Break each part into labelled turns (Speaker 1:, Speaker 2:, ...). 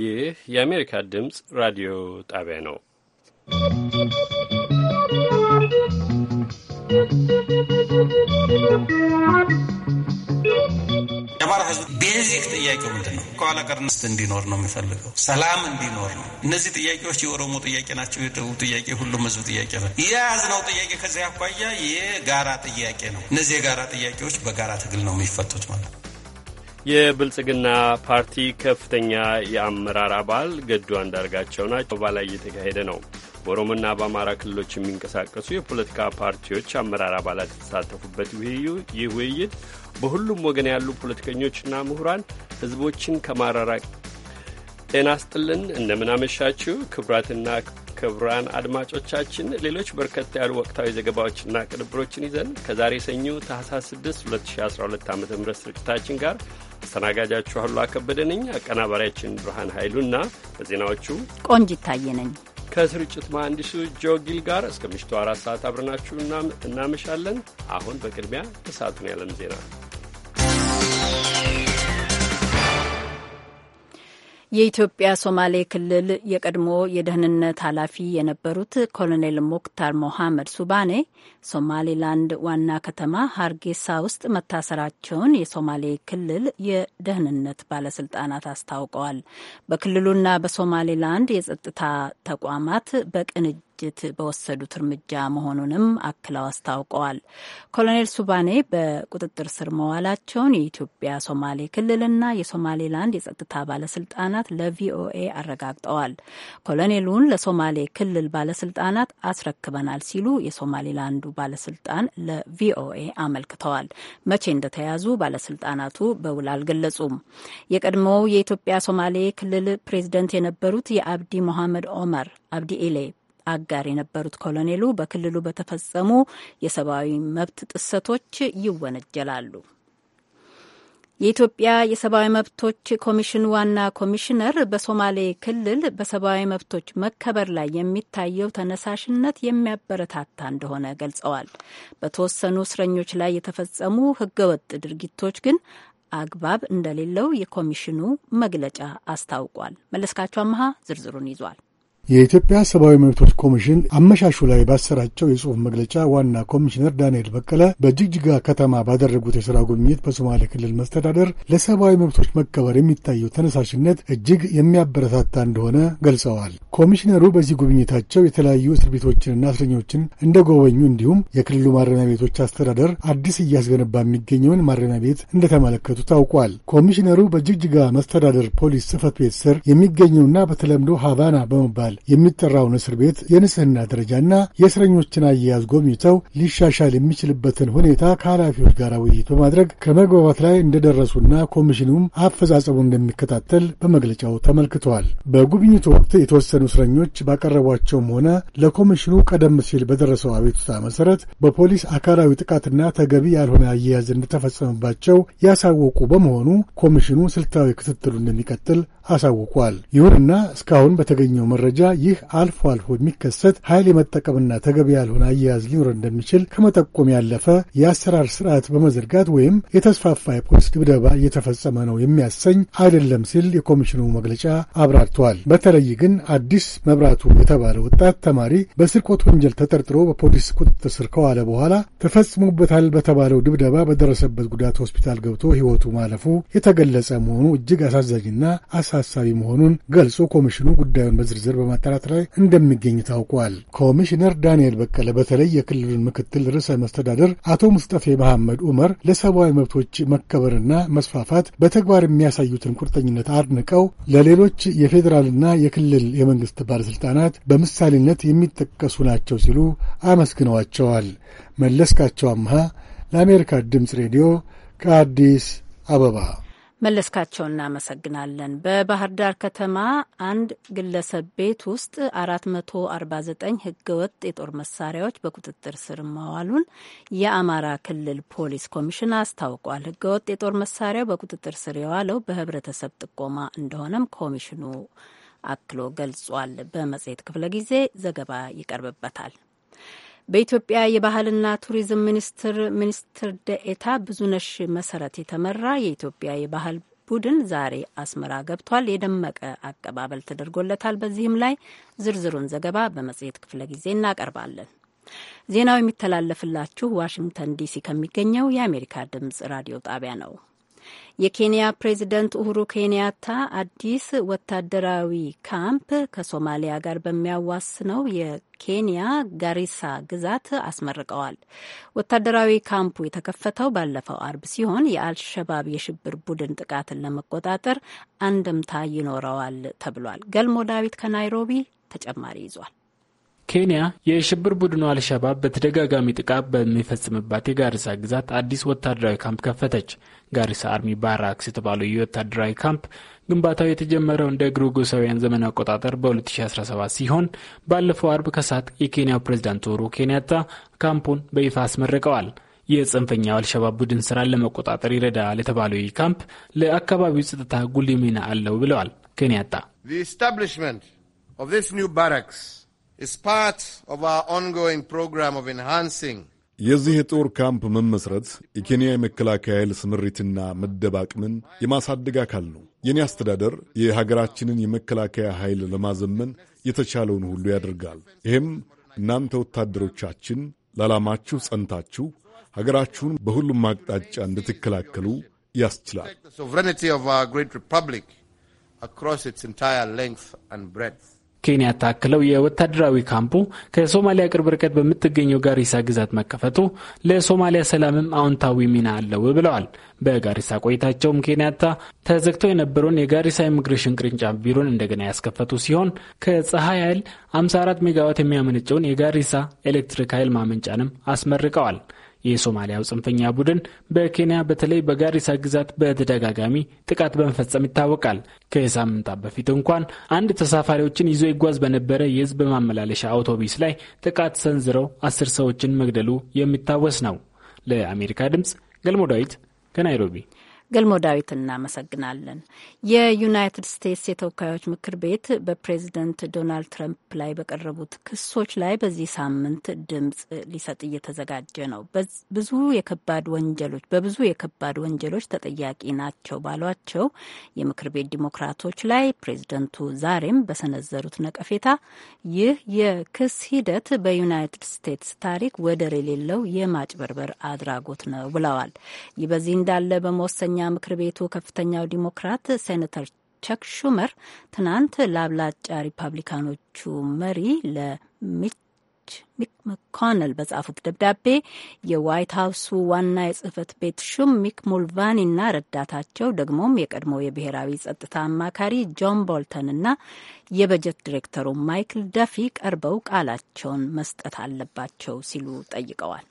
Speaker 1: ይህ የአሜሪካ ድምፅ ራዲዮ ጣቢያ ነው። የአማራ
Speaker 2: ቤዚክ ጥያቄው ምንድን ነው? ከኋላ ቀርነት እንዲኖር ነው የሚፈልገው፣ ሰላም እንዲኖር ነው። እነዚህ ጥያቄዎች የኦሮሞ ጥያቄ ናቸው፣ የደቡብ ጥያቄ፣ ሁሉም ህዝብ ጥያቄ ነው። የያዝነው ጥያቄ ከዚህ አኳያ የጋራ ጥያቄ ነው። እነዚህ የጋራ ጥያቄዎች በጋራ ትግል ነው የሚፈቱት ማለት ነው።
Speaker 1: የብልጽግና ፓርቲ ከፍተኛ የአመራር አባል ገዱ አንዳርጋቸው ናቸው። አባ ላይ እየተካሄደ ነው። በኦሮሞና በአማራ ክልሎች የሚንቀሳቀሱ የፖለቲካ ፓርቲዎች አመራር አባላት የተሳተፉበት ይህ ውይይት በሁሉም ወገን ያሉ ፖለቲከኞችና ምሁራን ህዝቦችን ከማራራቅ ጤና ስጥልን እንደምናመሻችው ክቡራትና ክቡራን አድማጮቻችን ሌሎች በርከት ያሉ ወቅታዊ ዘገባዎችና ቅንብሮችን ይዘን ከዛሬ ሰኞ ታህሳስ 6 2012 ዓ ም ስርጭታችን ጋር አስተናጋጃችሁ አሉላ ከበደ ነኝ። አቀናባሪያችን ብርሃን ኃይሉና በዜናዎቹ ቆንጅ ይታየ ነኝ። ከስርጭት መሐንዲሱ ጆ ጊል ጋር እስከ ምሽቱ አራት ሰዓት አብረናችሁ እናመሻለን። አሁን በቅድሚያ ተሳቱን ያለም ዜና
Speaker 3: የኢትዮጵያ ሶማሌ ክልል የቀድሞ የደህንነት ኃላፊ የነበሩት ኮሎኔል ሞክታር ሞሐመድ ሱባኔ ሶማሌላንድ ዋና ከተማ ሀርጌሳ ውስጥ መታሰራቸውን የሶማሌ ክልል የደህንነት ባለስልጣናት አስታውቀዋል። በክልሉና በሶማሌላንድ የጸጥታ ተቋማት በቅንጅ ድርጅት በወሰዱት እርምጃ መሆኑንም አክለው አስታውቀዋል። ኮሎኔል ሱባኔ በቁጥጥር ስር መዋላቸውን የኢትዮጵያ ሶማሌ ክልልና የሶማሌላንድ የጸጥታ ባለስልጣናት ለቪኦኤ አረጋግጠዋል። ኮሎኔሉን ለሶማሌ ክልል ባለስልጣናት አስረክበናል ሲሉ የሶማሌላንዱ ባለስልጣን ለቪኦኤ አመልክተዋል። መቼ እንደተያዙ ባለስልጣናቱ በውል አልገለጹም። የቀድሞው የኢትዮጵያ ሶማሌ ክልል ፕሬዝደንት የነበሩት የአብዲ ሞሐመድ ኦመር አብዲ ኢሌ አጋር የነበሩት ኮሎኔሉ በክልሉ በተፈጸሙ የሰብአዊ መብት ጥሰቶች ይወነጀላሉ። የኢትዮጵያ የሰብአዊ መብቶች ኮሚሽን ዋና ኮሚሽነር በሶማሌ ክልል በሰብአዊ መብቶች መከበር ላይ የሚታየው ተነሳሽነት የሚያበረታታ እንደሆነ ገልጸዋል። በተወሰኑ እስረኞች ላይ የተፈጸሙ ህገወጥ ድርጊቶች ግን አግባብ እንደሌለው የኮሚሽኑ መግለጫ አስታውቋል። መለስካቸው አመሃ ዝርዝሩን ይዟል።
Speaker 4: የኢትዮጵያ ሰብአዊ መብቶች ኮሚሽን አመሻሹ ላይ ባሰራጨው የጽሑፍ መግለጫ ዋና ኮሚሽነር ዳንኤል በቀለ በጅግጅጋ ከተማ ባደረጉት የሥራ ጉብኝት በሶማሌ ክልል መስተዳደር ለሰብአዊ መብቶች መከበር የሚታየው ተነሳሽነት እጅግ የሚያበረታታ እንደሆነ ገልጸዋል። ኮሚሽነሩ በዚህ ጉብኝታቸው የተለያዩ እስር ቤቶችንና እስረኞችን እንደጎበኙ እንዲሁም የክልሉ ማረሚያ ቤቶች አስተዳደር አዲስ እያስገነባ የሚገኘውን ማረሚያ ቤት እንደተመለከቱ ታውቋል። ኮሚሽነሩ በጅግጅጋ መስተዳደር ፖሊስ ጽሕፈት ቤት ስር የሚገኘውና በተለምዶ ሃቫና በመባል በመባል የሚጠራውን እስር ቤት የንጽህና ደረጃና የእስረኞችን አያያዝ ጎብኝተው ሊሻሻል የሚችልበትን ሁኔታ ከኃላፊዎች ጋር ውይይት በማድረግ ከመግባባት ላይ እንደደረሱና ኮሚሽኑም አፈጻጸሙ እንደሚከታተል በመግለጫው ተመልክተዋል። በጉብኝቱ ወቅት የተወሰኑ እስረኞች ባቀረቧቸውም ሆነ ለኮሚሽኑ ቀደም ሲል በደረሰው አቤቱታ መሰረት በፖሊስ አካላዊ ጥቃትና ተገቢ ያልሆነ አያያዝ እንደተፈጸመባቸው ያሳወቁ በመሆኑ ኮሚሽኑ ስልታዊ ክትትሉ እንደሚቀጥል አሳውቋል። ይሁንና እስካሁን በተገኘው መረጃ ይህ አልፎ አልፎ የሚከሰት ኃይል የመጠቀምና ተገቢ ያልሆነ አያያዝ ሊኖር እንደሚችል ከመጠቆም ያለፈ የአሰራር ስርዓት በመዘርጋት ወይም የተስፋፋ የፖሊስ ድብደባ እየተፈጸመ ነው የሚያሰኝ አይደለም ሲል የኮሚሽኑ መግለጫ አብራርተዋል። በተለይ ግን አዲስ መብራቱ የተባለ ወጣት ተማሪ በስርቆት ወንጀል ተጠርጥሮ በፖሊስ ቁጥጥር ስር ከዋለ በኋላ ተፈጽሞበታል በተባለው ድብደባ በደረሰበት ጉዳት ሆስፒታል ገብቶ ሕይወቱ ማለፉ የተገለጸ መሆኑ እጅግ አሳዛኝና አሳ አሳሳቢ መሆኑን ገልጾ ኮሚሽኑ ጉዳዩን በዝርዝር በማጣራት ላይ እንደሚገኝ ታውቋል። ኮሚሽነር ዳንኤል በቀለ በተለይ የክልሉን ምክትል ርዕሰ መስተዳደር አቶ ሙስጠፌ መሐመድ ዑመር ለሰብአዊ መብቶች መከበርና መስፋፋት በተግባር የሚያሳዩትን ቁርጠኝነት አድንቀው ለሌሎች የፌዴራልና የክልል የመንግስት ባለሥልጣናት በምሳሌነት የሚጠቀሱ ናቸው ሲሉ አመስግነዋቸዋል። መለስካቸው አምሃ ለአሜሪካ ድምፅ ሬዲዮ ከአዲስ አበባ
Speaker 3: መለስካቸው እናመሰግናለን። በባህር ዳር ከተማ አንድ ግለሰብ ቤት ውስጥ 449 ህገወጥ የጦር መሳሪያዎች በቁጥጥር ስር መዋሉን የአማራ ክልል ፖሊስ ኮሚሽን አስታውቋል። ህገወጥ የጦር መሳሪያው በቁጥጥር ስር የዋለው በህብረተሰብ ጥቆማ እንደሆነም ኮሚሽኑ አክሎ ገልጿል። በመጽሔት ክፍለ ጊዜ ዘገባ ይቀርብበታል። በኢትዮጵያ የባህልና ቱሪዝም ሚኒስትር ሚኒስትር ደኤታ ብዙነሽ መሰረት የተመራ የኢትዮጵያ የባህል ቡድን ዛሬ አስመራ ገብቷል። የደመቀ አቀባበል ተደርጎለታል። በዚህም ላይ ዝርዝሩን ዘገባ በመጽሔት ክፍለ ጊዜ እናቀርባለን። ዜናው የሚተላለፍላችሁ ዋሽንግተን ዲሲ ከሚገኘው የአሜሪካ ድምጽ ራዲዮ ጣቢያ ነው። የኬንያ ፕሬዚደንት ኡሁሩ ኬንያታ አዲስ ወታደራዊ ካምፕ ከሶማሊያ ጋር በሚያዋስነው የኬንያ ጋሪሳ ግዛት አስመርቀዋል። ወታደራዊ ካምፑ የተከፈተው ባለፈው አርብ ሲሆን የአልሸባብ የሽብር ቡድን ጥቃትን ለመቆጣጠር አንድምታ ይኖረዋል ተብሏል። ገልሞ ዳዊት ከናይሮቢ ተጨማሪ ይዟል።
Speaker 5: ኬንያ የሽብር ቡድኑ አልሸባብ በተደጋጋሚ ጥቃት በሚፈጽምባት የጋሪሳ ግዛት አዲስ ወታደራዊ ካምፕ ከፈተች። ጋሪሳ አርሚ ባራክስ የተባለው የወታደራዊ ካምፕ ግንባታው የተጀመረው እንደ ግሪጎሳውያን ዘመን አቆጣጠር በ2017 ሲሆን ባለፈው አርብ ከሰዓት የኬንያው ፕሬዝዳንት ኡሁሩ ኬንያታ ካምፑን በይፋ አስመርቀዋል። የጽንፈኛው አልሸባብ ቡድን ስራን ለመቆጣጠር ይረዳል የተባለው ይህ ካምፕ ለአካባቢው ጸጥታ ጉልህ ሚና አለው ብለዋል ኬንያታ
Speaker 4: የዚህ የጦር ካምፕ መመስረት የኬንያ የመከላከያ ኃይል ስምሪትና መደባቅምን አቅምን የማሳደግ አካል ነው። የኔ አስተዳደር የሀገራችንን የመከላከያ ኃይል ለማዘመን የተቻለውን ሁሉ ያደርጋል። ይህም እናንተ ወታደሮቻችን ለዓላማችሁ ጸንታችሁ ሀገራችሁን በሁሉም አቅጣጫ እንድትከላከሉ ያስችላል። ኬንያታ
Speaker 5: አክለው የወታደራዊ ካምፑ ከሶማሊያ ቅርብ ርቀት በምትገኘው ጋሪሳ ግዛት መከፈቱ ለሶማሊያ ሰላምም አዎንታዊ ሚና አለው ብለዋል። በጋሪሳ ቆይታቸውም ኬንያታ ተዘግቶ የነበረውን የጋሪሳ ኢሚግሬሽን ቅርንጫፍ ቢሮን እንደገና ያስከፈቱ ሲሆን ከፀሐይ ኃይል 54 ሜጋዋት የሚያመነጨውን የጋሪሳ ኤሌክትሪክ ኃይል ማመንጫንም አስመርቀዋል። የሶማሊያው ጽንፈኛ ቡድን በኬንያ በተለይ በጋሪሳ ግዛት በተደጋጋሚ ጥቃት በመፈጸም ይታወቃል። ከሳምንታት በፊት እንኳን አንድ ተሳፋሪዎችን ይዞ ይጓዝ በነበረ የህዝብ ማመላለሻ አውቶቡስ ላይ ጥቃት ሰንዝረው አስር ሰዎችን መግደሉ የሚታወስ ነው። ለአሜሪካ ድምፅ ገልሞ ዳዊት ከናይሮቢ
Speaker 3: ገልሞ ዳዊት እናመሰግናለን። የዩናይትድ ስቴትስ የተወካዮች ምክር ቤት በፕሬዝደንት ዶናልድ ትረምፕ ላይ በቀረቡት ክሶች ላይ በዚህ ሳምንት ድምፅ ሊሰጥ እየተዘጋጀ ነው። ብዙ የከባድ ወንጀሎች በብዙ የከባድ ወንጀሎች ተጠያቂ ናቸው ባሏቸው የምክር ቤት ዲሞክራቶች ላይ ፕሬዚደንቱ ዛሬም በሰነዘሩት ነቀፌታ ይህ የክስ ሂደት በዩናይትድ ስቴትስ ታሪክ ወደር የሌለው የማጭበርበር አድራጎት ነው ብለዋል። ይህ በዚህ እንዳለ በመወሰኛ ምክር ቤቱ ከፍተኛው ዲሞክራት ሴኔተር ቸክ ሹመር ትናንት ለአብላጫ ሪፐብሊካኖቹ መሪ ለሚች ሚክ መኮነል በጻፉት ደብዳቤ የዋይት ሀውሱ ዋና የጽህፈት ቤት ሹም ሚክ ሙልቫኒና ረዳታቸው ደግሞም የቀድሞ የብሔራዊ ጸጥታ አማካሪ ጆን ቦልተንና የበጀት ዲሬክተሩ ማይክል ደፊ ቀርበው ቃላቸውን መስጠት አለባቸው ሲሉ ጠይቀዋል።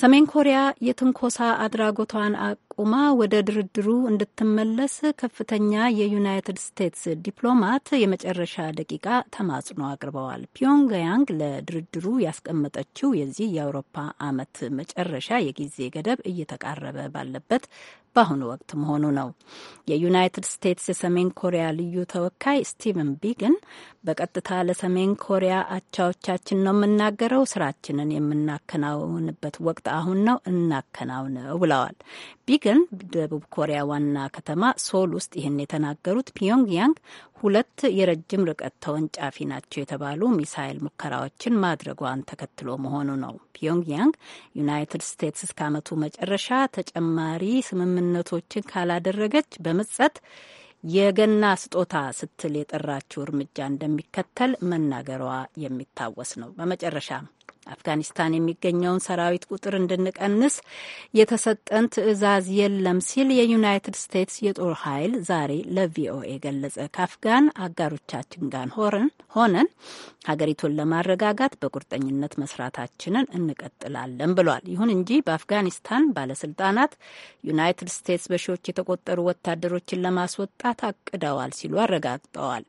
Speaker 3: ሰሜን ኮሪያ የትንኮሳ አድራጎቷን አቁማ ወደ ድርድሩ እንድትመለስ ከፍተኛ የዩናይትድ ስቴትስ ዲፕሎማት የመጨረሻ ደቂቃ ተማጽኖ አቅርበዋል። ፒዮንግያንግ ለድርድሩ ያስቀመጠችው የዚህ የአውሮፓ ዓመት መጨረሻ የጊዜ ገደብ እየተቃረበ ባለበት በአሁኑ ወቅት መሆኑ ነው። የዩናይትድ ስቴትስ የሰሜን ኮሪያ ልዩ ተወካይ ስቲቨን ቢግን በቀጥታ ለሰሜን ኮሪያ አቻዎቻችን ነው የምናገረው፣ ስራችንን የምናከናውንበት ወቅት አሁን ነው፣ እናከናውነው ብለዋል። ቢግን ደቡብ ኮሪያ ዋና ከተማ ሶል ውስጥ ይህን የተናገሩት ፒዮንግያንግ ሁለት የረጅም ርቀት ተወንጫፊ ናቸው የተባሉ ሚሳይል ሙከራዎችን ማድረጓን ተከትሎ መሆኑ ነው። ፒዮንግያንግ ዩናይትድ ስቴትስ እስከ ዓመቱ መጨረሻ ተጨማሪ ስምምነቶችን ካላደረገች በምጸት የገና ስጦታ ስትል የጠራችው እርምጃ እንደሚከተል መናገሯ የሚታወስ ነው። በመጨረሻም አፍጋኒስታን የሚገኘውን ሰራዊት ቁጥር እንድንቀንስ የተሰጠን ትዕዛዝ የለም ሲል የዩናይትድ ስቴትስ የጦር ኃይል ዛሬ ለቪኦኤ ገለጸ። ከአፍጋን አጋሮቻችን ጋር ሆነን ሀገሪቱን ለማረጋጋት በቁርጠኝነት መስራታችንን እንቀጥላለን ብሏል። ይሁን እንጂ በአፍጋኒስታን ባለስልጣናት ዩናይትድ ስቴትስ በሺዎች የተቆጠሩ ወታደሮችን ለማስወጣት አቅደዋል ሲሉ አረጋግጠዋል።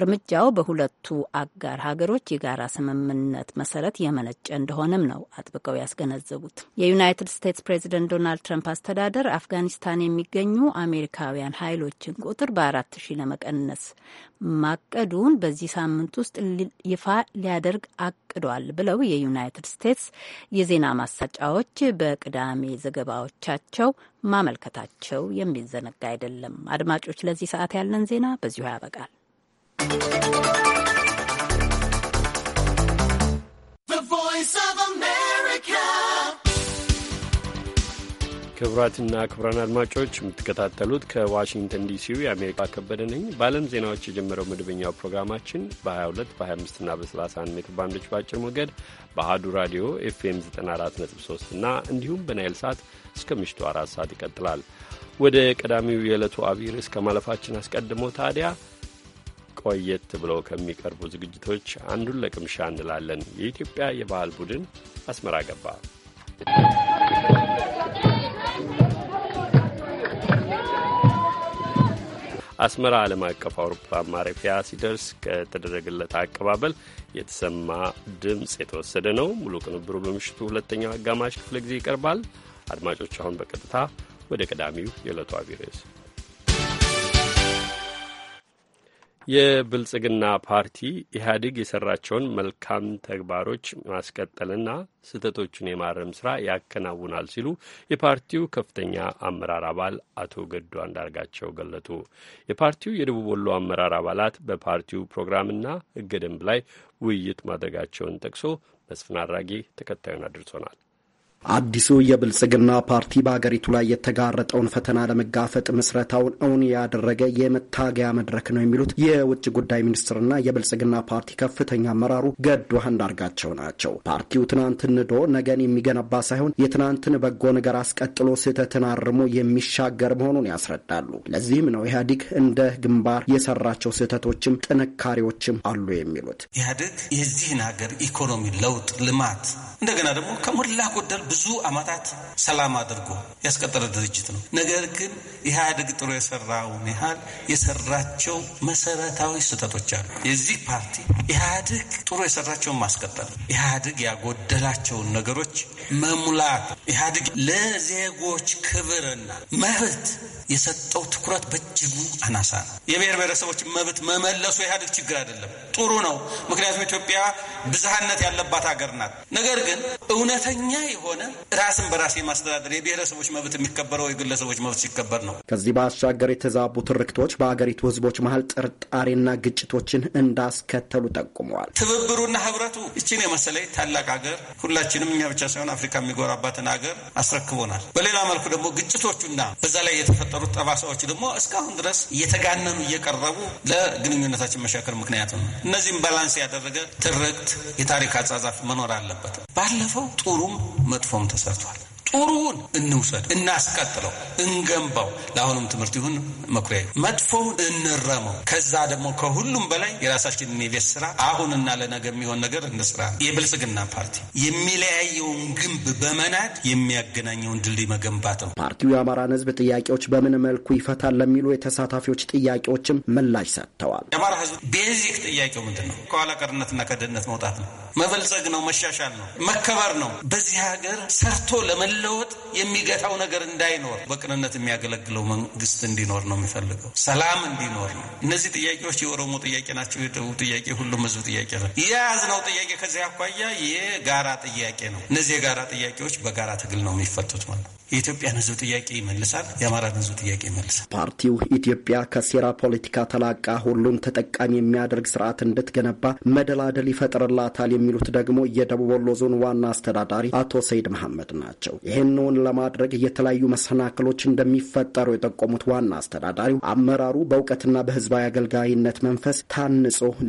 Speaker 3: እርምጃው በሁለቱ አጋር ሀገሮች የጋራ ስምምነት መሰረት የመነ የመነጨ እንደሆነም ነው አጥብቀው ያስገነዘቡት። የዩናይትድ ስቴትስ ፕሬዚደንት ዶናልድ ትራምፕ አስተዳደር አፍጋኒስታን የሚገኙ አሜሪካውያን ኃይሎችን ቁጥር በአራት ሺህ ለመቀነስ ማቀዱን በዚህ ሳምንት ውስጥ ይፋ ሊያደርግ አቅዷል ብለው የዩናይትድ ስቴትስ የዜና ማሳጫዎች በቅዳሜ ዘገባዎቻቸው ማመልከታቸው የሚዘነጋ አይደለም። አድማጮች፣ ለዚህ ሰዓት ያለን ዜና በዚሁ ያበቃል።
Speaker 1: ክቡራትና ክቡራን አድማጮች የምትከታተሉት ከዋሽንግተን ዲሲው የአሜሪካ ከበደ ነኝ። በዓለም ዜናዎች የጀመረው መደበኛው ፕሮግራማችን በ22 በ25 እና በ31 ሜትር ባንዶች በአጭር ሞገድ በአሀዱ ራዲዮ ኤፍኤም 94.3 እና እንዲሁም በናይል ሰዓት እስከ ምሽቱ አራት ሰዓት ይቀጥላል። ወደ ቀዳሚው የዕለቱ አብይ ርዕስ ከማለፋችን አስቀድሞ ታዲያ ቆየት ብለው ከሚቀርቡ ዝግጅቶች አንዱን ለቅምሻ እንላለን። የኢትዮጵያ የባህል ቡድን አስመራ ገባ። አስመራ ዓለም አቀፍ አውሮፕላን ማረፊያ ሲደርስ ከተደረገለት አቀባበል የተሰማ ድምፅ የተወሰደ ነው። ሙሉ ቅንብሩ በምሽቱ ሁለተኛው አጋማሽ ክፍለ ጊዜ ይቀርባል። አድማጮች አሁን በቀጥታ ወደ ቀዳሚው የዕለቱ አቢይ ርዕስ የብልጽግና ፓርቲ ኢህአዴግ የሰራቸውን መልካም ተግባሮች ማስቀጠልና ስህተቶቹን የማረም ስራ ያከናውናል ሲሉ የፓርቲው ከፍተኛ አመራር አባል አቶ ገዱ አንዳርጋቸው ገለጡ። የፓርቲው የደቡብ ወሎ አመራር አባላት በፓርቲው ፕሮግራምና ሕገ ደንብ ላይ ውይይት ማድረጋቸውን ጠቅሶ መስፍን አድራጌ ተከታዩን አድርሶናል።
Speaker 6: አዲሱ የብልጽግና ፓርቲ በአገሪቱ ላይ የተጋረጠውን ፈተና ለመጋፈጥ ምስረታውን እውን ያደረገ የመታገያ መድረክ ነው የሚሉት የውጭ ጉዳይ ሚኒስትርና የብልጽግና ፓርቲ ከፍተኛ አመራሩ ገዱ አንዳርጋቸው ናቸው። ፓርቲው ትናንትን ንዶ ነገን የሚገነባ ሳይሆን የትናንትን በጎ ነገር አስቀጥሎ ስህተትን አርሞ የሚሻገር መሆኑን ያስረዳሉ። ለዚህም ነው ኢህአዲግ እንደ ግንባር የሰራቸው ስህተቶችም ጥንካሬዎችም አሉ የሚሉት
Speaker 2: ኢህአዲግ የዚህን ሀገር ኢኮኖሚ ለውጥ፣ ልማት እንደገና ደግሞ ከሞላ ጎደል ብዙ አመታት ሰላም አድርጎ ያስቀጠለ ድርጅት ነው። ነገር ግን ኢህአዴግ ጥሩ የሰራውን ያህል የሰራቸው መሰረታዊ ስህተቶች አሉ። የዚህ ፓርቲ ኢህአዴግ ጥሩ የሰራቸውን ማስቀጠል፣ ኢህአዴግ ያጎደላቸውን ነገሮች መሙላት፣ ኢህአዴግ ለዜጎች ክብርና መብት የሰጠው ትኩረት በእጅጉ አናሳ ነው። የብሔር ብሔረሰቦች መብት መመለሱ ኢህአዴግ ችግር አይደለም፣ ጥሩ ነው። ምክንያቱም ኢትዮጵያ ብዝሃነት ያለባት ሀገር ናት። ነገር ግን እውነተኛ የሆነ ከሆነ ራስን በራሴ ማስተዳደር የብሔረሰቦች መብት የሚከበረው የግለሰቦች መብት ሲከበር ነው።
Speaker 6: ከዚህ ባሻገር የተዛቡ ትርክቶች በአገሪቱ ህዝቦች መሀል ጥርጣሬና ግጭቶችን እንዳስከተሉ ጠቁመዋል።
Speaker 2: ትብብሩና ህብረቱ እችን የመሰለኝ ታላቅ ሀገር ሁላችንም እኛ ብቻ ሳይሆን አፍሪካ የሚጎራባትን ሀገር አስረክቦናል። በሌላ መልኩ ደግሞ ግጭቶቹና በዛ ላይ የተፈጠሩት ጠባሳዎች ደግሞ እስካሁን ድረስ እየተጋነኑ እየቀረቡ ለግንኙነታችን መሻከር ምክንያት ነው። እነዚህም ባላንስ ያደረገ ትርክት የታሪክ አጻጻፍ መኖር አለበት። ባለፈው ጥሩም መጥፎ ፕላትፎርም ተሰርቷል። ጥሩውን እንውሰድ፣ እናስቀጥለው፣ እንገንባው። ለአሁኑም ትምህርት ይሁን መኩሪያ መጥፎውን እንረመው። ከዛ ደግሞ ከሁሉም በላይ የራሳችንን የቤት ስራ አሁንና ለነገ የሚሆን ነገር እንስራ። የብልጽግና ፓርቲ የሚለያየውን ግንብ በመናድ የሚያገናኘውን ድልድይ መገንባት ነው።
Speaker 6: ፓርቲው የአማራን ህዝብ ጥያቄዎች በምን መልኩ ይፈታል ለሚሉ የተሳታፊዎች ጥያቄዎችም ምላሽ ሰጥተዋል።
Speaker 2: የአማራ ህዝብ ቤዚክ ጥያቄው ምንድን ነው? ከኋላ ቀርነትና ከድህነት መውጣት ነው። መበልጸግ ነው። መሻሻል ነው። መከበር ነው። በዚህ ሀገር ሰርቶ ለመለ መለወጥ የሚገታው ነገር እንዳይኖር በቅንነት የሚያገለግለው መንግስት እንዲኖር ነው የሚፈልገው። ሰላም እንዲኖር ነው። እነዚህ ጥያቄዎች የኦሮሞ ጥያቄ ናቸው። የደቡብ ጥያቄ፣ ሁሉም ህዝብ ጥያቄ ነው። የያዝነው ጥያቄ ከዚህ አኳያ የጋራ ጥያቄ ነው። እነዚህ የጋራ ጥያቄዎች በጋራ ትግል ነው የሚፈቱት ማለት ነው። የኢትዮጵያን ህዝብ ጥያቄ ይመልሳል። የአማራን ህዝብ ጥያቄ ይመልሳል።
Speaker 6: ፓርቲው ኢትዮጵያ ከሴራ ፖለቲካ ተላቃ ሁሉን ተጠቃሚ የሚያደርግ ስርዓት እንድትገነባ መደላደል ይፈጥርላታል የሚሉት ደግሞ የደቡብ ወሎ ዞን ዋና አስተዳዳሪ አቶ ሰይድ መሐመድ ናቸው። ይህንውን ለማድረግ የተለያዩ መሰናክሎች እንደሚፈጠሩ የጠቆሙት ዋና አስተዳዳሪው አመራሩ በእውቀትና በህዝባዊ አገልጋይነት መንፈስ ታንጾ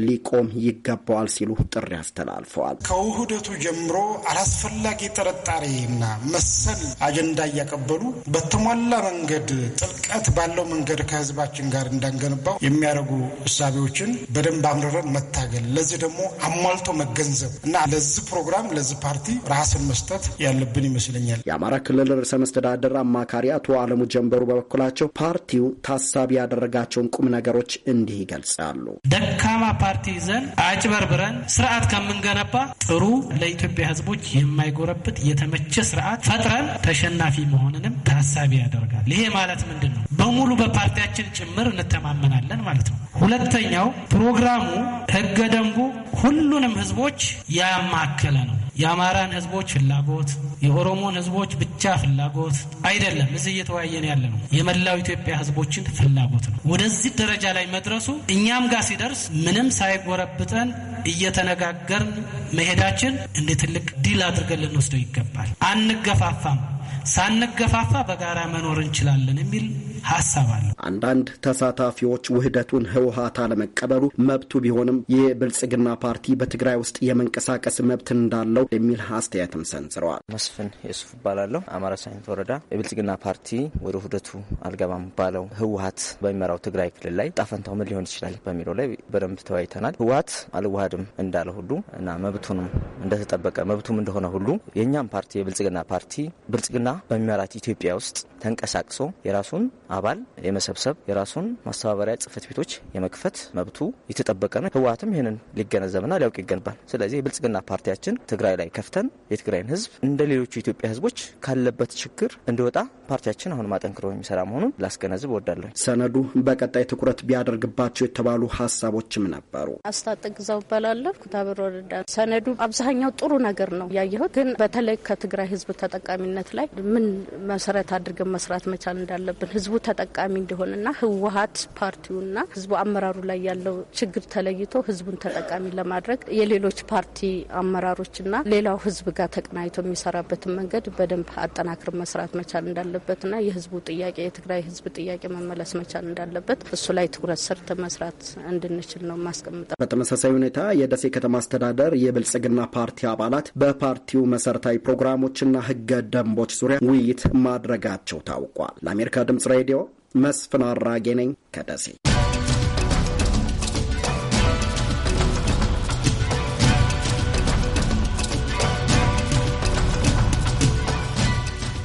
Speaker 6: ሊቆም ይገባዋል ሲሉ ጥሪ አስተላልፈዋል።
Speaker 7: ከውህደቱ ጀምሮ አላስፈላጊ ጥርጣሬና መሰል አጀንዳ እያቀበሉ በተሟላ መንገድ ጥልቀት ባለው መንገድ ከህዝባችን ጋር እንዳንገነባው የሚያደርጉ እሳቤዎችን በደንብ አምርረን መታገል፣ ለዚህ ደግሞ አሟልቶ መገንዘብ እና ለዚህ ፕሮግራም ለዚህ ፓርቲ ራስን መስጠት ያለብን ይመስለኛል።
Speaker 6: የአማራ ክልል ርዕሰ መስተዳደር አማካሪ አቶ አለሙ ጀንበሩ በበኩላቸው ፓርቲው ታሳቢ ያደረጋቸውን ቁም ነገሮች እንዲህ ይገልጻሉ።
Speaker 5: ደካማ ፓርቲ ይዘን አጭበርብረን ስርዓት ከምንገነባ ጥሩ ለኢትዮጵያ ህዝቦች የማይጎረብት የተመቸ ስርዓት ፈጥረን ተሸናፊ መሆንንም ታሳቢ ያደርጋል። ይሄ ማለት ምንድን ነው? በሙሉ በፓርቲያችን ጭምር እንተማመናለን ማለት ነው። ሁለተኛው ፕሮግራሙ ህገ
Speaker 8: ደንቡ ሁሉንም ህዝቦች
Speaker 5: ያማከለ ነው። የአማራን ህዝቦች ፍላጎት፣ የኦሮሞን ህዝቦች ብቻ ፍላጎት አይደለም። እዚህ እየተወያየን ያለ ነው የመላው ኢትዮጵያ ህዝቦችን ፍላጎት ነው። ወደዚህ ደረጃ ላይ መድረሱ እኛም ጋር ሲደርስ ምንም ሳይጎረብጠን እየተነጋገርን መሄዳችን እንደ ትልቅ ዲል አድርገን ልንወስደው ይገባል። አንገፋፋም። ሳንገፋፋ በጋራ መኖር እንችላለን የሚል ሀሳብ
Speaker 6: አለው። አንዳንድ ተሳታፊዎች ውህደቱን ህወሀት አለመቀበሉ መብቱ ቢሆንም የብልጽግና ፓርቲ በትግራይ ውስጥ የመንቀሳቀስ መብት እንዳለው የሚል አስተያየትም ሰንዝረዋል። መስፍን የሱፍ እባላለሁ። አማራ ሳይንት ወረዳ የብልጽግና ፓርቲ ወደ ውህደቱ አልገባም ባለው ህወሀት በሚመራው ትግራይ ክልል ላይ ጣፈንታው ምን ሊሆን ይችላል በሚለው ላይ በደንብ ተወያይተናል። ህወሀት አልዋሃድም እንዳለ ሁሉ እና መብቱንም እንደተጠበቀ መብቱም እንደሆነ ሁሉ የእኛም ፓርቲ የብልጽግና ፓርቲ ብልጽግና በሚመራት ኢትዮጵያ ውስጥ ተንቀሳቅሶ የራሱን አባል የመሰብሰብ የራሱን ማስተባበሪያ ጽህፈት ቤቶች የመክፈት መብቱ የተጠበቀ ነው። ህወሀትም ይህንን ሊገነዘብና ሊያውቅ ይገንባል። ስለዚህ የብልጽግና ፓርቲያችን ትግራይ ላይ ከፍተን የትግራይን ህዝብ እንደ ሌሎቹ የኢትዮጵያ ህዝቦች ካለበት ችግር እንዲወጣ ፓርቲያችን አሁን ማጠንክሮ የሚሰራ መሆኑን ላስገነዝብ ወዳለን። ሰነዱ በቀጣይ ትኩረት ቢያደርግባቸው የተባሉ ሀሳቦችም ነበሩ።
Speaker 3: አስታጥቅ ዘው እባላለሁ። ኩታብር ወረዳ ሰነዱ አብዛኛው ጥሩ ነገር ነው ያየሁት፣ ግን በተለይ
Speaker 9: ከትግራይ ህዝብ ተጠቃሚነት ላይ ምን መሰረት አድርገን መስራት መቻል እንዳለብን ህዝቡ ተጠቃሚ እንዲሆንና ህወሀት ፓርቲውና ህዝቡ አመራሩ ላይ ያለው ችግር ተለይቶ ህዝቡን ተጠቃሚ ለማድረግ የሌሎች ፓርቲ አመራሮችና ሌላው ህዝብ ጋር ተቀናይቶ የሚሰራበትን መንገድ በደንብ አጠናክር መስራት መቻል እንዳለብን እንዳለበትና የህዝቡ ጥያቄ የትግራይ ህዝብ ጥያቄ መመለስ መቻል እንዳለበት እሱ ላይ ትኩረት ሰርተ መስራት እንድንችል ነው ማስቀምጠ።
Speaker 6: በተመሳሳይ ሁኔታ የደሴ ከተማ አስተዳደር የብልጽግና ፓርቲ አባላት በፓርቲው መሰረታዊ ፕሮግራሞችና ህገ ደንቦች ዙሪያ ውይይት ማድረጋቸው ታውቋል። ለአሜሪካ ድምጽ ሬዲዮ መስፍን አራጌ ነኝ ከደሴ።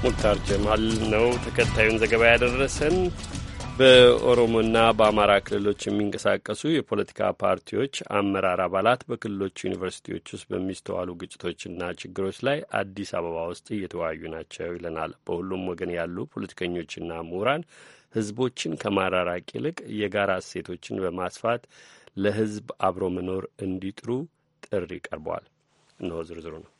Speaker 1: ሙክታር ጀማል ነው ተከታዩን ዘገባ ያደረሰን። በኦሮሞና በአማራ ክልሎች የሚንቀሳቀሱ የፖለቲካ ፓርቲዎች አመራር አባላት በክልሎች ዩኒቨርሲቲዎች ውስጥ በሚስተዋሉ ግጭቶችና ችግሮች ላይ አዲስ አበባ ውስጥ እየተወያዩ ናቸው ይለናል። በሁሉም ወገን ያሉ ፖለቲከኞችና ምሁራን ህዝቦችን ከማራራቅ ይልቅ የጋራ እሴቶችን በማስፋት ለህዝብ አብሮ መኖር እንዲጥሩ ጥሪ ቀርቧል። እነሆ ዝርዝሩ ነው።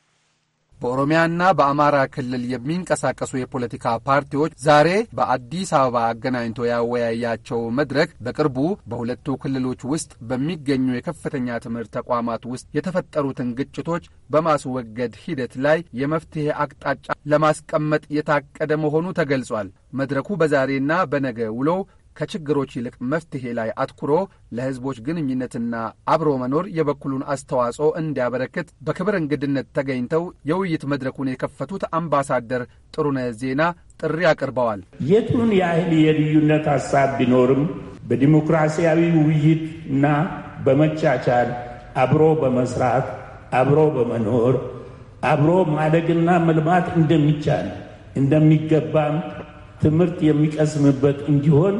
Speaker 10: በኦሮሚያና በአማራ ክልል የሚንቀሳቀሱ የፖለቲካ ፓርቲዎች ዛሬ በአዲስ አበባ አገናኝቶ ያወያያቸው መድረክ በቅርቡ በሁለቱ ክልሎች ውስጥ በሚገኙ የከፍተኛ ትምህርት ተቋማት ውስጥ የተፈጠሩትን ግጭቶች በማስወገድ ሂደት ላይ የመፍትሄ አቅጣጫ ለማስቀመጥ የታቀደ መሆኑ ተገልጿል። መድረኩ በዛሬና በነገ ውሎ ከችግሮች ይልቅ መፍትሄ ላይ አትኩሮ ለሕዝቦች ግንኙነትና አብሮ መኖር የበኩሉን አስተዋጽኦ እንዲያበረክት በክብር እንግድነት ተገኝተው የውይይት መድረኩን የከፈቱት አምባሳደር ጥሩነ ዜና ጥሪ አቅርበዋል። የቱን ያህል የልዩነት
Speaker 2: ሐሳብ ቢኖርም በዲሞክራሲያዊ ውይይት እና በመቻቻል አብሮ በመስራት አብሮ በመኖር አብሮ ማደግና መልማት እንደሚቻል እንደሚገባም ትምህርት የሚቀስምበት እንዲሆን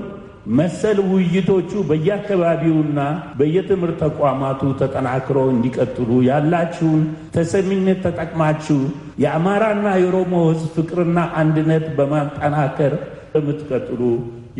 Speaker 2: መሰል ውይይቶቹ በየአካባቢውና በየትምህርት ተቋማቱ ተጠናክሮ እንዲቀጥሉ ያላችሁን ተሰሚነት ተጠቅማችሁ የአማራና የኦሮሞ ሕዝብ ፍቅርና አንድነት በማጠናከር የምትቀጥሉ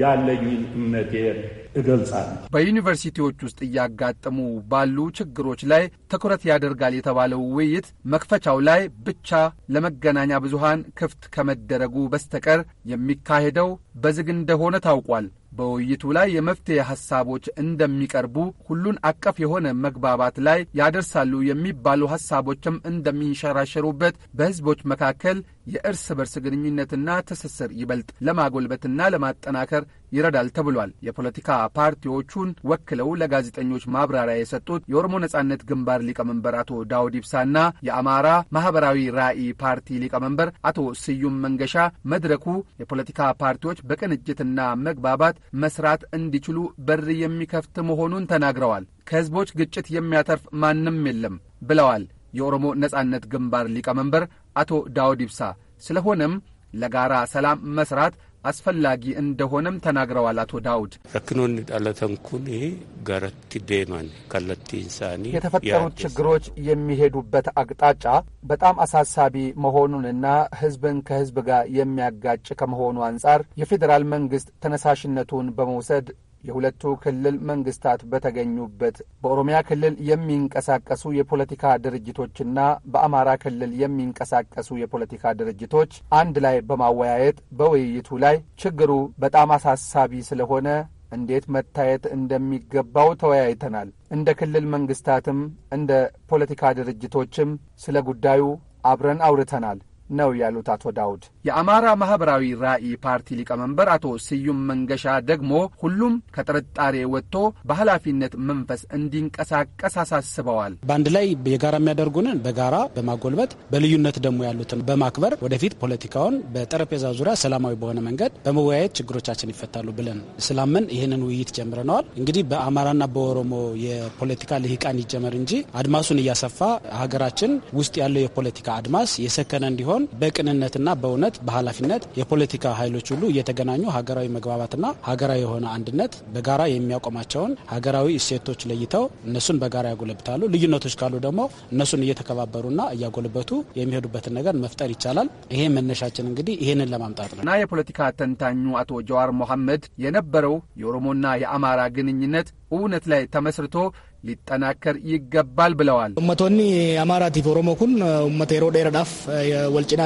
Speaker 10: ያለኝን እምነቴን እገልጻለሁ። በዩኒቨርሲቲዎች ውስጥ እያጋጠሙ ባሉ ችግሮች ላይ ትኩረት ያደርጋል የተባለው ውይይት መክፈቻው ላይ ብቻ ለመገናኛ ብዙሃን ክፍት ከመደረጉ በስተቀር የሚካሄደው በዝግ እንደሆነ ታውቋል። በውይይቱ ላይ የመፍትሄ ሐሳቦች እንደሚቀርቡ ሁሉን አቀፍ የሆነ መግባባት ላይ ያደርሳሉ የሚባሉ ሐሳቦችም እንደሚንሸራሸሩበት በሕዝቦች መካከል የእርስ በርስ ግንኙነትና ትስስር ይበልጥ ለማጎልበትና ለማጠናከር ይረዳል ተብሏል። የፖለቲካ ፓርቲዎቹን ወክለው ለጋዜጠኞች ማብራሪያ የሰጡት የኦሮሞ ነጻነት ግንባር ሊቀመንበር አቶ ዳውድ ኢብሳና የአማራ ማህበራዊ ራዕይ ፓርቲ ሊቀመንበር አቶ ስዩም መንገሻ መድረኩ የፖለቲካ ፓርቲዎች በቅንጅትና መግባባት መስራት እንዲችሉ በር የሚከፍት መሆኑን ተናግረዋል። ከህዝቦች ግጭት የሚያተርፍ ማንም የለም ብለዋል። የኦሮሞ ነጻነት ግንባር ሊቀመንበር አቶ ዳውድ ይብሳ። ስለሆነም ለጋራ ሰላም መስራት አስፈላጊ እንደሆነም ተናግረዋል። አቶ ዳውድ
Speaker 11: ረክኖን ዳለተንኩን ገረት ዴማን ከለቲ ኢንሳኒ የተፈጠሩት
Speaker 10: ችግሮች የሚሄዱበት አቅጣጫ በጣም አሳሳቢ መሆኑንና ሕዝብን ከሕዝብ ጋር የሚያጋጭ ከመሆኑ አንጻር የፌዴራል መንግስት ተነሳሽነቱን በመውሰድ የሁለቱ ክልል መንግስታት በተገኙበት በኦሮሚያ ክልል የሚንቀሳቀሱ የፖለቲካ ድርጅቶችና በአማራ ክልል የሚንቀሳቀሱ የፖለቲካ ድርጅቶች አንድ ላይ በማወያየት በውይይቱ ላይ ችግሩ በጣም አሳሳቢ ስለሆነ እንዴት መታየት እንደሚገባው ተወያይተናል። እንደ ክልል መንግስታትም እንደ ፖለቲካ ድርጅቶችም ስለ ጉዳዩ አብረን አውርተናል። ነው ያሉት አቶ ዳውድ። የአማራ ማህበራዊ ራዕይ ፓርቲ ሊቀመንበር አቶ ስዩም መንገሻ ደግሞ ሁሉም ከጥርጣሬ ወጥቶ በኃላፊነት መንፈስ እንዲንቀሳቀስ አሳስበዋል።
Speaker 5: በአንድ ላይ የጋራ የሚያደርጉንን በጋራ በማጎልበት በልዩነት ደግሞ ያሉትን በማክበር ወደፊት ፖለቲካውን በጠረጴዛ ዙሪያ ሰላማዊ በሆነ መንገድ በመወያየት ችግሮቻችን ይፈታሉ ብለን ስላመን ይህንን ውይይት ጀምረነዋል። እንግዲህ በአማራና በኦሮሞ የፖለቲካ ልሂቃን ይጀመር እንጂ አድማሱን እያሰፋ ሀገራችን ውስጥ ያለው የፖለቲካ አድማስ የሰከነ እንዲሆን ሳይሆን በቅንነትና በእውነት በኃላፊነት የፖለቲካ ኃይሎች ሁሉ እየተገናኙ ሀገራዊ መግባባትና ሀገራዊ የሆነ አንድነት በጋራ የሚያቆማቸውን ሀገራዊ እሴቶች ለይተው እነሱን በጋራ ያጎለብታሉ። ልዩነቶች ካሉ ደግሞ እነሱን እየተከባበሩና እያጎለበቱ የሚሄዱበትን ነገር መፍጠር ይቻላል።
Speaker 10: ይሄ መነሻችን እንግዲህ ይህንን ለማምጣት ነው እና የፖለቲካ ተንታኙ አቶ ጀዋር መሐመድ የነበረው የኦሮሞና የአማራ ግንኙነት እውነት ላይ ተመስርቶ ሊጠናከር ይገባል ብለዋል። ኡመቶኒ ቲፍ ኦሮሞ ኩን ኡመተ የሮ ደረዳፍ ወልጭና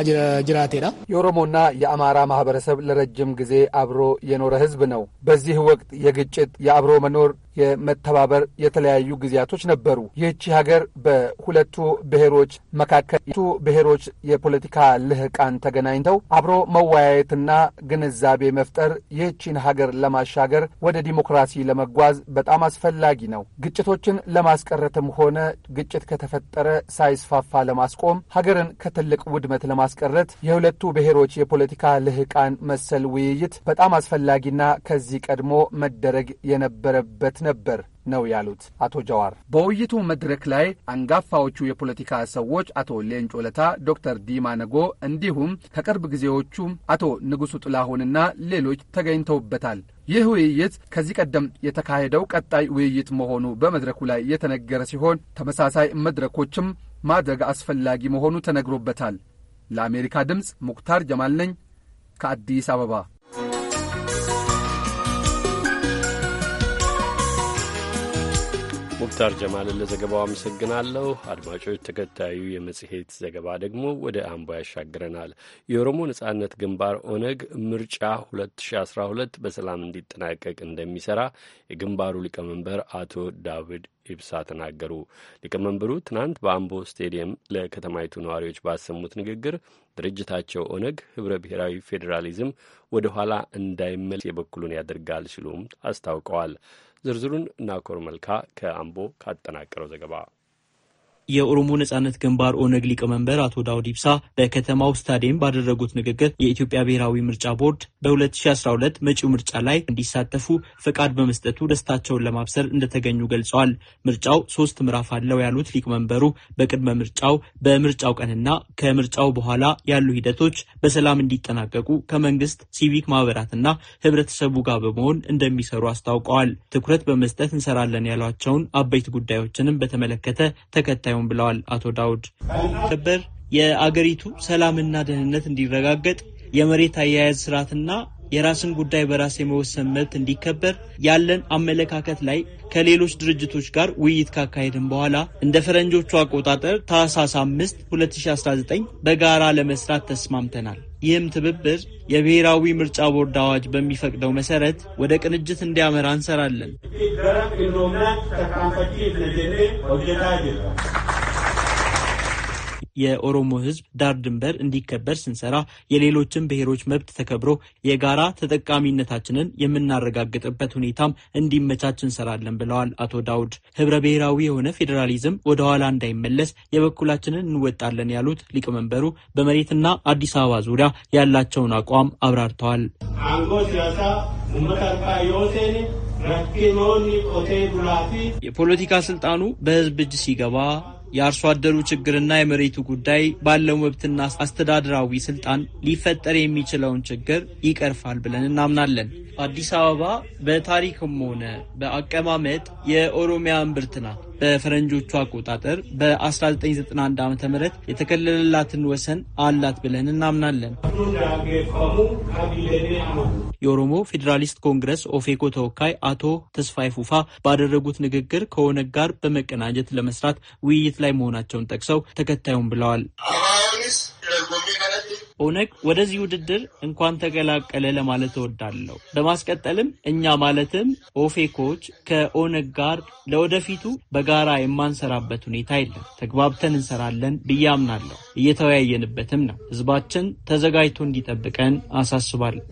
Speaker 10: ጅራቴዳ የኦሮሞና የአማራ ማህበረሰብ ለረጅም ጊዜ አብሮ የኖረ ህዝብ ነው። በዚህ ወቅት የግጭት የአብሮ መኖር የመተባበር የተለያዩ ጊዜያቶች ነበሩ። ይህቺ ሀገር በሁለቱ ብሔሮች መካከል ቱ ብሔሮች የፖለቲካ ልህቃን ተገናኝተው አብሮ መወያየትና ግንዛቤ መፍጠር ይህቺን ሀገር ለማሻገር ወደ ዲሞክራሲ ለመጓዝ በጣም አስፈላጊ ነው። ግጭቶችን ለማስቀረትም ሆነ ግጭት ከተፈጠረ ሳይስፋፋ ለማስቆም ሀገርን ከትልቅ ውድመት ለማስቀረት የሁለቱ ብሔሮች የፖለቲካ ልህቃን መሰል ውይይት በጣም አስፈላጊና ከዚህ ቀድሞ መደረግ የነበረበት ነበር ነው ያሉት አቶ ጀዋር። በውይይቱ መድረክ ላይ አንጋፋዎቹ የፖለቲካ ሰዎች አቶ ሌንጮ ለታ፣ ዶክተር ዲማ ነጎ እንዲሁም ከቅርብ ጊዜዎቹ አቶ ንጉሱ ጥላሁንና ሌሎች ተገኝተውበታል። ይህ ውይይት ከዚህ ቀደም የተካሄደው ቀጣይ ውይይት መሆኑ በመድረኩ ላይ የተነገረ ሲሆን ተመሳሳይ መድረኮችም ማድረግ አስፈላጊ መሆኑ ተነግሮበታል። ለአሜሪካ ድምፅ ሙክታር ጀማል ነኝ ከአዲስ አበባ።
Speaker 1: ሙክታር ጀማልን ለዘገባው አመሰግናለሁ። አድማጮች፣ ተከታዩ የመጽሔት ዘገባ ደግሞ ወደ አምቦ ያሻግረናል። የኦሮሞ ነጻነት ግንባር ኦነግ ምርጫ 2012 በሰላም እንዲጠናቀቅ እንደሚሰራ የግንባሩ ሊቀመንበር አቶ ዳቪድ ኢብሳ ተናገሩ። ሊቀመንበሩ ትናንት በአምቦ ስቴዲየም ለከተማይቱ ነዋሪዎች ባሰሙት ንግግር ድርጅታቸው ኦነግ ህብረ ብሔራዊ ፌዴራሊዝም ወደ ኋላ እንዳይመለስ የበኩሉን ያደርጋል ሲሉም አስታውቀዋል። ዝርዝሩን ናኮር መልካ ከአምቦ ካጠናቀረው ዘገባ
Speaker 8: የኦሮሞ ነጻነት ግንባር ኦነግ ሊቀመንበር አቶ ዳውድ ኢብሳ በከተማው ስታዲየም ባደረጉት ንግግር የኢትዮጵያ ብሔራዊ ምርጫ ቦርድ በ2012 መጪው ምርጫ ላይ እንዲሳተፉ ፈቃድ በመስጠቱ ደስታቸውን ለማብሰር እንደተገኙ ገልጸዋል። ምርጫው ሶስት ምዕራፍ አለው ያሉት ሊቀመንበሩ በቅድመ ምርጫው፣ በምርጫው ቀንና ከምርጫው በኋላ ያሉ ሂደቶች በሰላም እንዲጠናቀቁ ከመንግስት ሲቪክ ማህበራትና ህብረተሰቡ ጋር በመሆን እንደሚሰሩ አስታውቀዋል። ትኩረት በመስጠት እንሰራለን ያሏቸውን አበይት ጉዳዮችንም በተመለከተ ተከታዩ ነውም ብለዋል አቶ ዳውድ ነበር የአገሪቱ ሰላምና ደህንነት እንዲረጋገጥ የመሬት አያያዝ ስርዓትና የራስን ጉዳይ በራስ የመወሰን መብት እንዲከበር ያለን አመለካከት ላይ ከሌሎች ድርጅቶች ጋር ውይይት ካካሄድን በኋላ እንደ ፈረንጆቹ አቆጣጠር ታህሳስ 5 2019 በጋራ ለመስራት ተስማምተናል። ይህም ትብብር የብሔራዊ ምርጫ ቦርድ አዋጅ በሚፈቅደው መሰረት ወደ ቅንጅት እንዲያመራ እንሰራለን። የኦሮሞ ህዝብ ዳር ድንበር እንዲከበር ስንሰራ የሌሎችን ብሔሮች መብት ተከብሮ የጋራ ተጠቃሚነታችንን የምናረጋግጥበት ሁኔታም እንዲመቻች እንሰራለን ብለዋል አቶ ዳውድ። ህብረ ብሔራዊ የሆነ ፌዴራሊዝም ወደ ኋላ እንዳይመለስ የበኩላችንን እንወጣለን ያሉት ሊቀመንበሩ በመሬትና አዲስ አበባ ዙሪያ ያላቸውን አቋም አብራርተዋል። የፖለቲካ ስልጣኑ በህዝብ እጅ ሲገባ የአርሶ አደሩ ችግርና የመሬቱ ጉዳይ ባለው መብትና አስተዳደራዊ ስልጣን ሊፈጠር የሚችለውን ችግር ይቀርፋል ብለን እናምናለን። አዲስ አበባ በታሪክም ሆነ በአቀማመጥ የኦሮሚያ እምብርት ናት። በፈረንጆቹ አቆጣጠር በ1991 ዓ ም የተከለለላትን ወሰን አላት ብለን እናምናለን። የኦሮሞ ፌዴራሊስት ኮንግረስ ኦፌኮ ተወካይ አቶ ተስፋይ ፉፋ ባደረጉት ንግግር ከኦነግ ጋር በመቀናጀት ለመስራት ውይይት ላይ መሆናቸውን ጠቅሰው ተከታዩም ብለዋል። ኦነግ ወደዚህ ውድድር እንኳን ተቀላቀለ ለማለት እወዳለሁ። በማስቀጠልም እኛ ማለትም ኦፌኮች ከኦነግ ጋር ለወደፊቱ በጋራ የማንሰራበት ሁኔታ የለም። ተግባብተን እንሰራለን ብዬ አምናለሁ። እየተወያየንበትም ነው። ህዝባችን ተዘጋጅቶ እንዲጠብቀን አሳስባለሁ።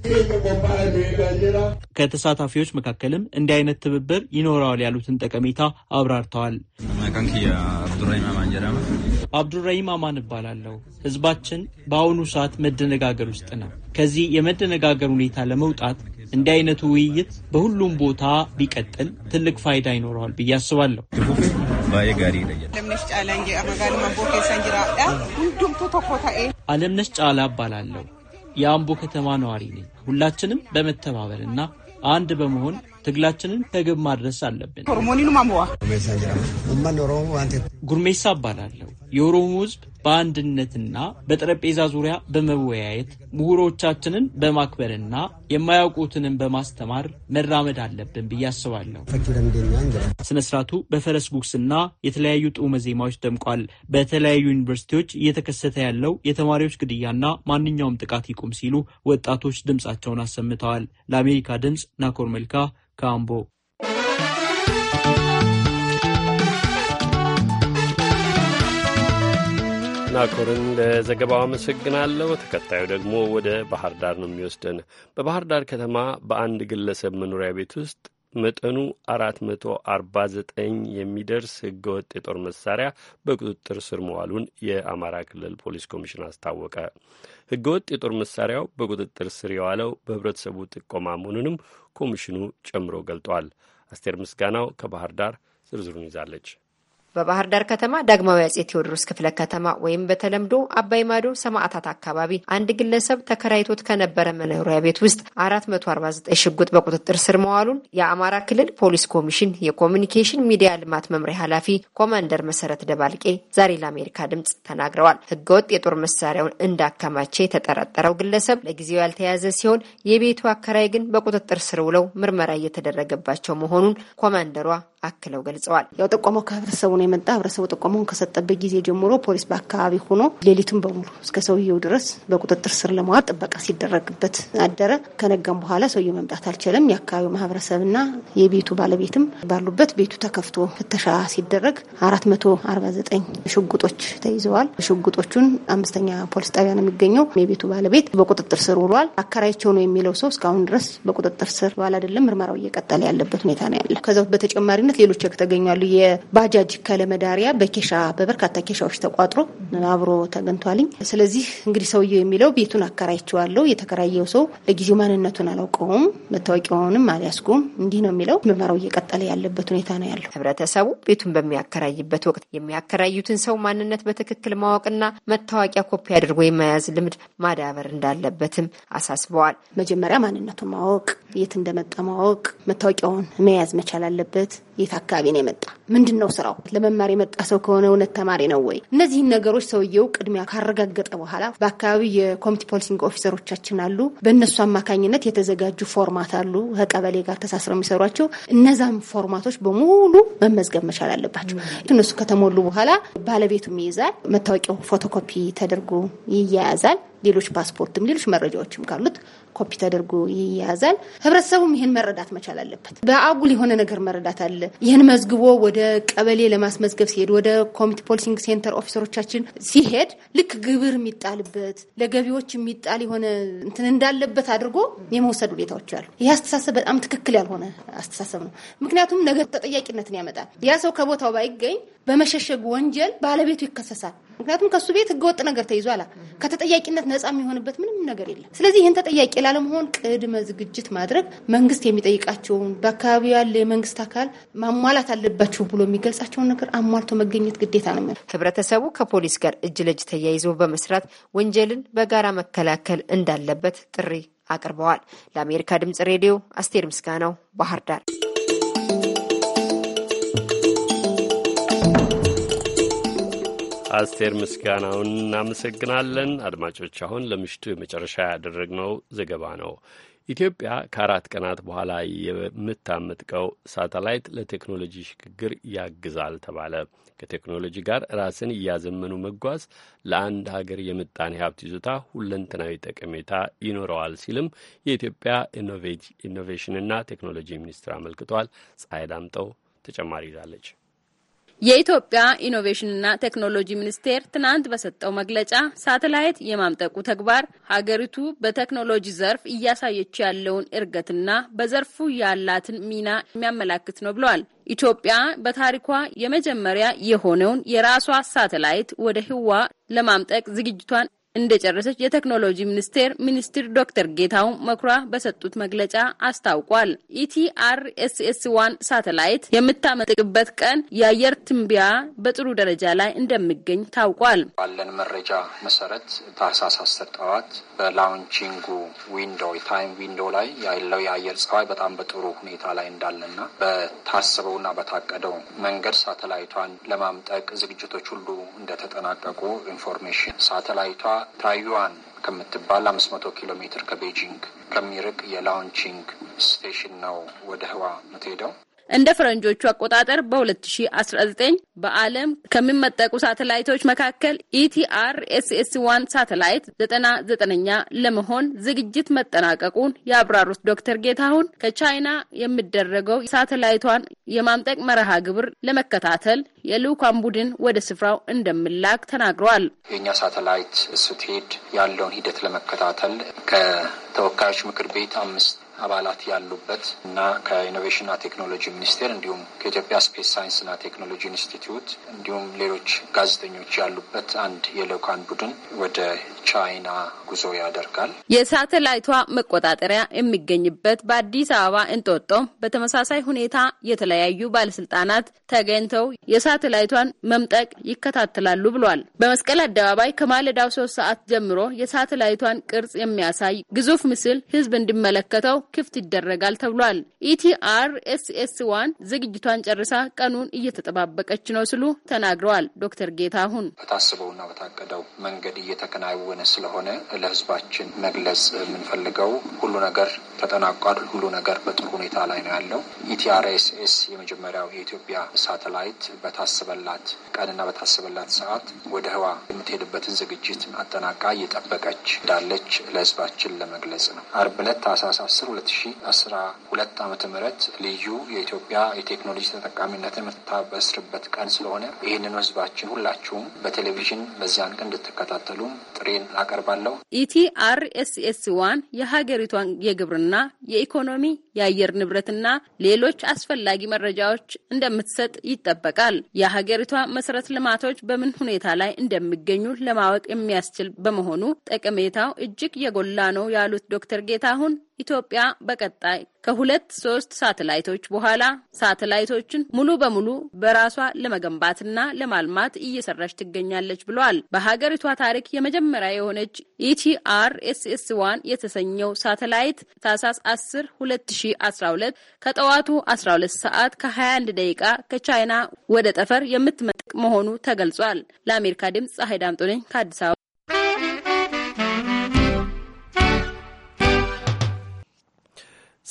Speaker 8: ከተሳታፊዎች መካከልም እንዲህ አይነት ትብብር ይኖረዋል ያሉትን ጠቀሜታ አብራርተዋል። አብዱራሂም አማን እባላለሁ። ህዝባችን በአሁኑ ሰዓት መደነጋገር ውስጥ ነው። ከዚህ የመደነጋገር ሁኔታ ለመውጣት እንዲህ አይነቱ ውይይት በሁሉም ቦታ ቢቀጥል ትልቅ ፋይዳ ይኖረዋል ብዬ አስባለሁ። አለምነሽ ጫላ እባላለሁ። የአምቦ ከተማ ነዋሪ ነኝ። ሁላችንም በመተባበር እና አንድ በመሆን ትግላችንን ከግብ ማድረስ አለብን። ጉርሜሳ እባላለሁ። የኦሮሞ ህዝብ በአንድነትና በጠረጴዛ ዙሪያ በመወያየት ምሁሮቻችንን በማክበርና የማያውቁትንም በማስተማር መራመድ አለብን ብዬ አስባለሁ። ስነ ስርዓቱ በፈረስ ጉግስና የተለያዩ ጦመ ዜማዎች ደምቋል። በተለያዩ ዩኒቨርሲቲዎች እየተከሰተ ያለው የተማሪዎች ግድያና ማንኛውም ጥቃት ይቁም ሲሉ ወጣቶች ድምፃቸውን አሰምተዋል። ለአሜሪካ ድምፅ ናኮር መልካ
Speaker 1: ካምቦ አድናቆርን ለዘገባው አመሰግናለሁ። ተከታዩ ደግሞ ወደ ባህር ዳር ነው የሚወስደን። በባህር ዳር ከተማ በአንድ ግለሰብ መኖሪያ ቤት ውስጥ መጠኑ 449 የሚደርስ ህገወጥ የጦር መሳሪያ በቁጥጥር ስር መዋሉን የአማራ ክልል ፖሊስ ኮሚሽን አስታወቀ። ህገወጥ የጦር መሳሪያው በቁጥጥር ስር የዋለው በህብረተሰቡ ጥቆማ መሆኑንም ኮሚሽኑ ጨምሮ ገልጧል። አስቴር ምስጋናው ከባህር ዳር ዝርዝሩን ይዛለች።
Speaker 12: በባህር
Speaker 13: ዳር ከተማ ዳግማዊ አጼ ቴዎድሮስ ክፍለ ከተማ ወይም በተለምዶ አባይ ማዶ ሰማዕታት አካባቢ አንድ ግለሰብ ተከራይቶት ከነበረ መኖሪያ ቤት ውስጥ 449 ሽጉጥ በቁጥጥር ስር መዋሉን የአማራ ክልል ፖሊስ ኮሚሽን የኮሚኒኬሽን ሚዲያ ልማት መምሪያ ኃላፊ ኮማንደር መሰረት ደባልቄ ዛሬ ለአሜሪካ ድምጽ ተናግረዋል። ህገወጥ የጦር መሳሪያውን እንዳከማቸ የተጠረጠረው ግለሰብ ለጊዜው ያልተያዘ ሲሆን የቤቱ አከራይ ግን በቁጥጥር ስር ውለው ምርመራ
Speaker 14: እየተደረገባቸው መሆኑን ኮማንደሯ አክለው ገልጸዋል። ያው ጥቆማው ከህብረተሰቡ ነው የመጣ። ህብረተሰቡ ጥቆማውን ከሰጠበት ጊዜ ጀምሮ ፖሊስ በአካባቢ ሆኖ ሌሊቱን በሙሉ እስከ ሰውየው ድረስ በቁጥጥር ስር ለመዋል ጥበቃ ሲደረግበት አደረ። ከነጋም በኋላ ሰውየው መምጣት አልቻለም። የአካባቢው ማህበረሰብና የቤቱ ባለቤትም ባሉበት ቤቱ ተከፍቶ ፍተሻ ሲደረግ አራት መቶ አርባ ዘጠኝ ሽጉጦች ተይዘዋል። ሽጉጦቹን አምስተኛ ፖሊስ ጣቢያ ነው የሚገኘው። የቤቱ ባለቤት በቁጥጥር ስር ውሏል። አከራይቸው ነው የሚለው ሰው እስካሁን ድረስ በቁጥጥር ስር ባል አይደለም። ምርመራው እየቀጠለ ያለበት ሁኔታ ነው ያለ። ከዛ በተጨማሪ በምሳሌነት ሌሎች ተገኛሉ። የባጃጅ ከለመዳሪያ በኬሻ በበርካታ ኬሻዎች ተቋጥሮ አብሮ ተገኝቷልኝ። ስለዚህ እንግዲህ ሰውየው የሚለው ቤቱን አከራይቼዋለሁ፣ የተከራየው ሰው ለጊዜው ማንነቱን አላውቀውም፣ መታወቂያውንም አልያዝኩም፣ እንዲህ ነው የሚለው። ምርመራው እየቀጠለ ያለበት ሁኔታ ነው ያለው።
Speaker 13: ህብረተሰቡ ቤቱን በሚያከራይበት ወቅት የሚያከራዩትን ሰው ማንነት በትክክል ማወቅና መታወቂያ ኮፒ አድርጎ የመያዝ ልምድ
Speaker 14: ማዳበር እንዳለበትም አሳስበዋል። መጀመሪያ ማንነቱን ማወቅ፣ የት እንደመጣ ማወቅ፣ መታወቂያውን መያዝ መቻል አለበት። የት አካባቢ የመጣ ምንድን ነው ስራው? ለመማር የመጣ ሰው ከሆነ እውነት ተማሪ ነው ወይ? እነዚህን ነገሮች ሰውየው ቅድሚያ ካረጋገጠ በኋላ በአካባቢ የኮሚቲ ፖሊሲንግ ኦፊሰሮቻችን አሉ። በእነሱ አማካኝነት የተዘጋጁ ፎርማት አሉ፣ ከቀበሌ ጋር ተሳስረው የሚሰሯቸው እነዛም ፎርማቶች በሙሉ መመዝገብ መቻል አለባቸው። እነሱ ከተሞሉ በኋላ ባለቤቱም ይይዛል። መታወቂያው ፎቶኮፒ ተደርጎ ይያያዛል። ሌሎች ፓስፖርትም ሌሎች መረጃዎችም ካሉት ኮፒ ተደርጎ ይያያዛል። ህብረተሰቡም ይህን መረዳት መቻል አለበት። በአጉል የሆነ ነገር መረዳት አለ። ይህን መዝግቦ ወደ ወደ ቀበሌ ለማስመዝገብ ሲሄድ፣ ወደ ኮሚቲ ፖሊሲንግ ሴንተር ኦፊሰሮቻችን ሲሄድ ልክ ግብር የሚጣልበት ለገቢዎች የሚጣል የሆነ እንትን እንዳለበት አድርጎ የመውሰድ ሁኔታዎች አሉ። ይህ አስተሳሰብ በጣም ትክክል ያልሆነ አስተሳሰብ ነው። ምክንያቱም ነገር ተጠያቂነትን ያመጣል። ያ ሰው ከቦታው ባይገኝ በመሸሸጉ ወንጀል ባለቤቱ ይከሰሳል። ምክንያቱም ከእሱ ቤት ህገወጥ ነገር ተይዟል። ከተጠያቂነት ነጻ የሚሆንበት ምንም ነገር የለም። ስለዚህ ይህን ተጠያቂ ላለመሆን ቅድመ ዝግጅት ማድረግ መንግስት የሚጠይቃቸውን በአካባቢ ያለ የመንግስት አካል ማሟላት አለባቸው ብሎ የሚገልጻቸውን ነገር አሟልቶ መገኘት ግዴታ ነው
Speaker 13: ህብረተሰቡ ከፖሊስ ጋር እጅ ለእጅ ተያይዞ በመስራት ወንጀልን በጋራ መከላከል እንዳለበት ጥሪ አቅርበዋል። ለአሜሪካ ድምጽ ሬዲዮ አስቴር ምስጋናው ባህር ዳር
Speaker 1: አስቴር ምስጋናውን እናመሰግናለን። አድማጮች፣ አሁን ለምሽቱ የመጨረሻ ያደረግነው ዘገባ ነው። ኢትዮጵያ ከአራት ቀናት በኋላ የምታመጥቀው ሳተላይት ለቴክኖሎጂ ሽግግር ያግዛል ተባለ። ከቴክኖሎጂ ጋር ራስን እያዘመኑ መጓዝ ለአንድ ሀገር የምጣኔ ሀብት ይዞታ ሁለንተናዊ ጠቀሜታ ይኖረዋል ሲልም የኢትዮጵያ ኢኖቬሽንና ቴክኖሎጂ ሚኒስትር አመልክቷል። ፀሐይ ዳምጠው ተጨማሪ ይዛለች።
Speaker 15: የኢትዮጵያ ኢኖቬሽንና ቴክኖሎጂ ሚኒስቴር ትናንት በሰጠው መግለጫ ሳተላይት የማምጠቁ ተግባር ሀገሪቱ በቴክኖሎጂ ዘርፍ እያሳየች ያለውን እርገትና በዘርፉ ያላትን ሚና የሚያመላክት ነው ብለዋል። ኢትዮጵያ በታሪኳ የመጀመሪያ የሆነውን የራሷ ሳተላይት ወደ ህዋ ለማምጠቅ ዝግጅቷን እንደጨረሰች የቴክኖሎጂ ሚኒስቴር ሚኒስትር ዶክተር ጌታው መኩራ በሰጡት መግለጫ አስታውቋል። ኢቲአርኤስኤስ ዋን ሳተላይት የምታመጥቅበት ቀን የአየር ትንቢያ በጥሩ ደረጃ ላይ እንደሚገኝ ታውቋል።
Speaker 16: ባለን መረጃ መሰረት ታህሳስ አስር ጠዋት በላውንቺንጉ ዊንዶ ታይም ዊንዶ ላይ ያለው የአየር ጸባይ በጣም በጥሩ ሁኔታ ላይ እንዳለና በታሰበውና በታቀደው መንገድ ሳተላይቷን ለማምጠቅ ዝግጅቶች ሁሉ እንደተጠናቀቁ ኢንፎርሜሽን ሳተላይቷ ታይዋን ከምትባል አምስት መቶ ኪሎ ሜትር ከቤጂንግ ከሚርቅ የላውንቺንግ ስቴሽን ነው ወደ ህዋ የምትሄደው።
Speaker 15: እንደ ፈረንጆቹ አቆጣጠር በ2019 በዓለም ከሚመጠቁ ሳተላይቶች መካከል ኢቲአር ኤስኤስ ዋን ሳተላይት ዘጠና ዘጠነኛ ለመሆን ዝግጅት መጠናቀቁን የአብራሩት ዶክተር ጌታሁን ከቻይና የሚደረገው ሳተላይቷን የማምጠቅ መርሃ ግብር ለመከታተል የልዑካን ቡድን ወደ ስፍራው እንደምላክ ተናግረዋል።
Speaker 16: የእኛ ሳተላይት ስትሄድ ያለውን ሂደት ለመከታተል ከተወካዮች ምክር ቤት አምስት አባላት ያሉበት እና ከኢኖቬሽንና ቴክኖሎጂ ሚኒስቴር እንዲሁም ከኢትዮጵያ ስፔስ ሳይንስና ቴክኖሎጂ ኢንስቲትዩት እንዲሁም ሌሎች ጋዜጠኞች ያሉበት አንድ የልዑካን ቡድን ወደ ቻይና ጉዞ ያደርጋል።
Speaker 15: የሳተላይቷ መቆጣጠሪያ የሚገኝበት በአዲስ አበባ እንጦጦ በተመሳሳይ ሁኔታ የተለያዩ ባለስልጣናት ተገኝተው የሳተላይቷን መምጠቅ ይከታተላሉ ብሏል። በመስቀል አደባባይ ከማለዳው ሶስት ሰዓት ጀምሮ የሳተላይቷን ቅርጽ የሚያሳይ ግዙፍ ምስል ህዝብ እንዲመለከተው ክፍት ይደረጋል ተብሏል። ኢቲአር ኤስኤስ ዋን ዝግጅቷን ጨርሳ ቀኑን እየተጠባበቀች ነው ሲሉ ተናግረዋል። ዶክተር ጌታሁን
Speaker 16: በታስበውና በታቀደው መንገድ እየተከናወነ ስለሆነ ለህዝባችን መግለጽ የምንፈልገው ሁሉ ነገር ተጠናቋል። ሁሉ ነገር በጥሩ ሁኔታ ላይ ነው ያለው። ኢቲአርኤስኤስ የመጀመሪያው የኢትዮጵያ ሳተላይት በታስበላት ቀንና በታስበላት ሰዓት ወደ ህዋ የምትሄድበትን ዝግጅት አጠናቃ እየጠበቀች እንዳለች ለህዝባችን ለመግለጽ ነው። አርብ ዕለት ታህሳስ አስር 2012 ዓ ም ልዩ የኢትዮጵያ የቴክኖሎጂ ተጠቃሚነትን የምትታበስርበት ቀን ስለሆነ ይህንን ህዝባችን ሁላችሁም በቴሌቪዥን በዚያን ቀን እንድትከታተሉም ጥሬን አቀርባለሁ።
Speaker 15: ኢቲአርኤስኤስ ዋን የሀገሪቷን የግብርና፣ የኢኮኖሚ፣ የአየር ንብረትና ሌሎች አስፈላጊ መረጃዎች እንደምትሰጥ ይጠበቃል። የሀገሪቷ መሰረት ልማቶች በምን ሁኔታ ላይ እንደሚገኙ ለማወቅ የሚያስችል በመሆኑ ጠቀሜታው እጅግ የጎላ ነው ያሉት ዶክተር ጌታሁን ኢትዮጵያ በቀጣይ ከሁለት ሶስት ሳተላይቶች በኋላ ሳተላይቶችን ሙሉ በሙሉ በራሷ ለመገንባትና ለማልማት እየሰራች ትገኛለች ብለዋል። በሀገሪቷ ታሪክ የመጀመሪያ የሆነች ኢቲአር ዋን የተሰኘው ሳተላይት ታህሳስ 10 2012 ከጠዋቱ 12 ሰዓት ከ21 ደቂቃ ከቻይና ወደ ጠፈር የምትመጥቅ መሆኑ ተገልጿል። ለአሜሪካ ድምፅ ፀሐይ ዳምጦ ነኝ ከአዲስ አበባ።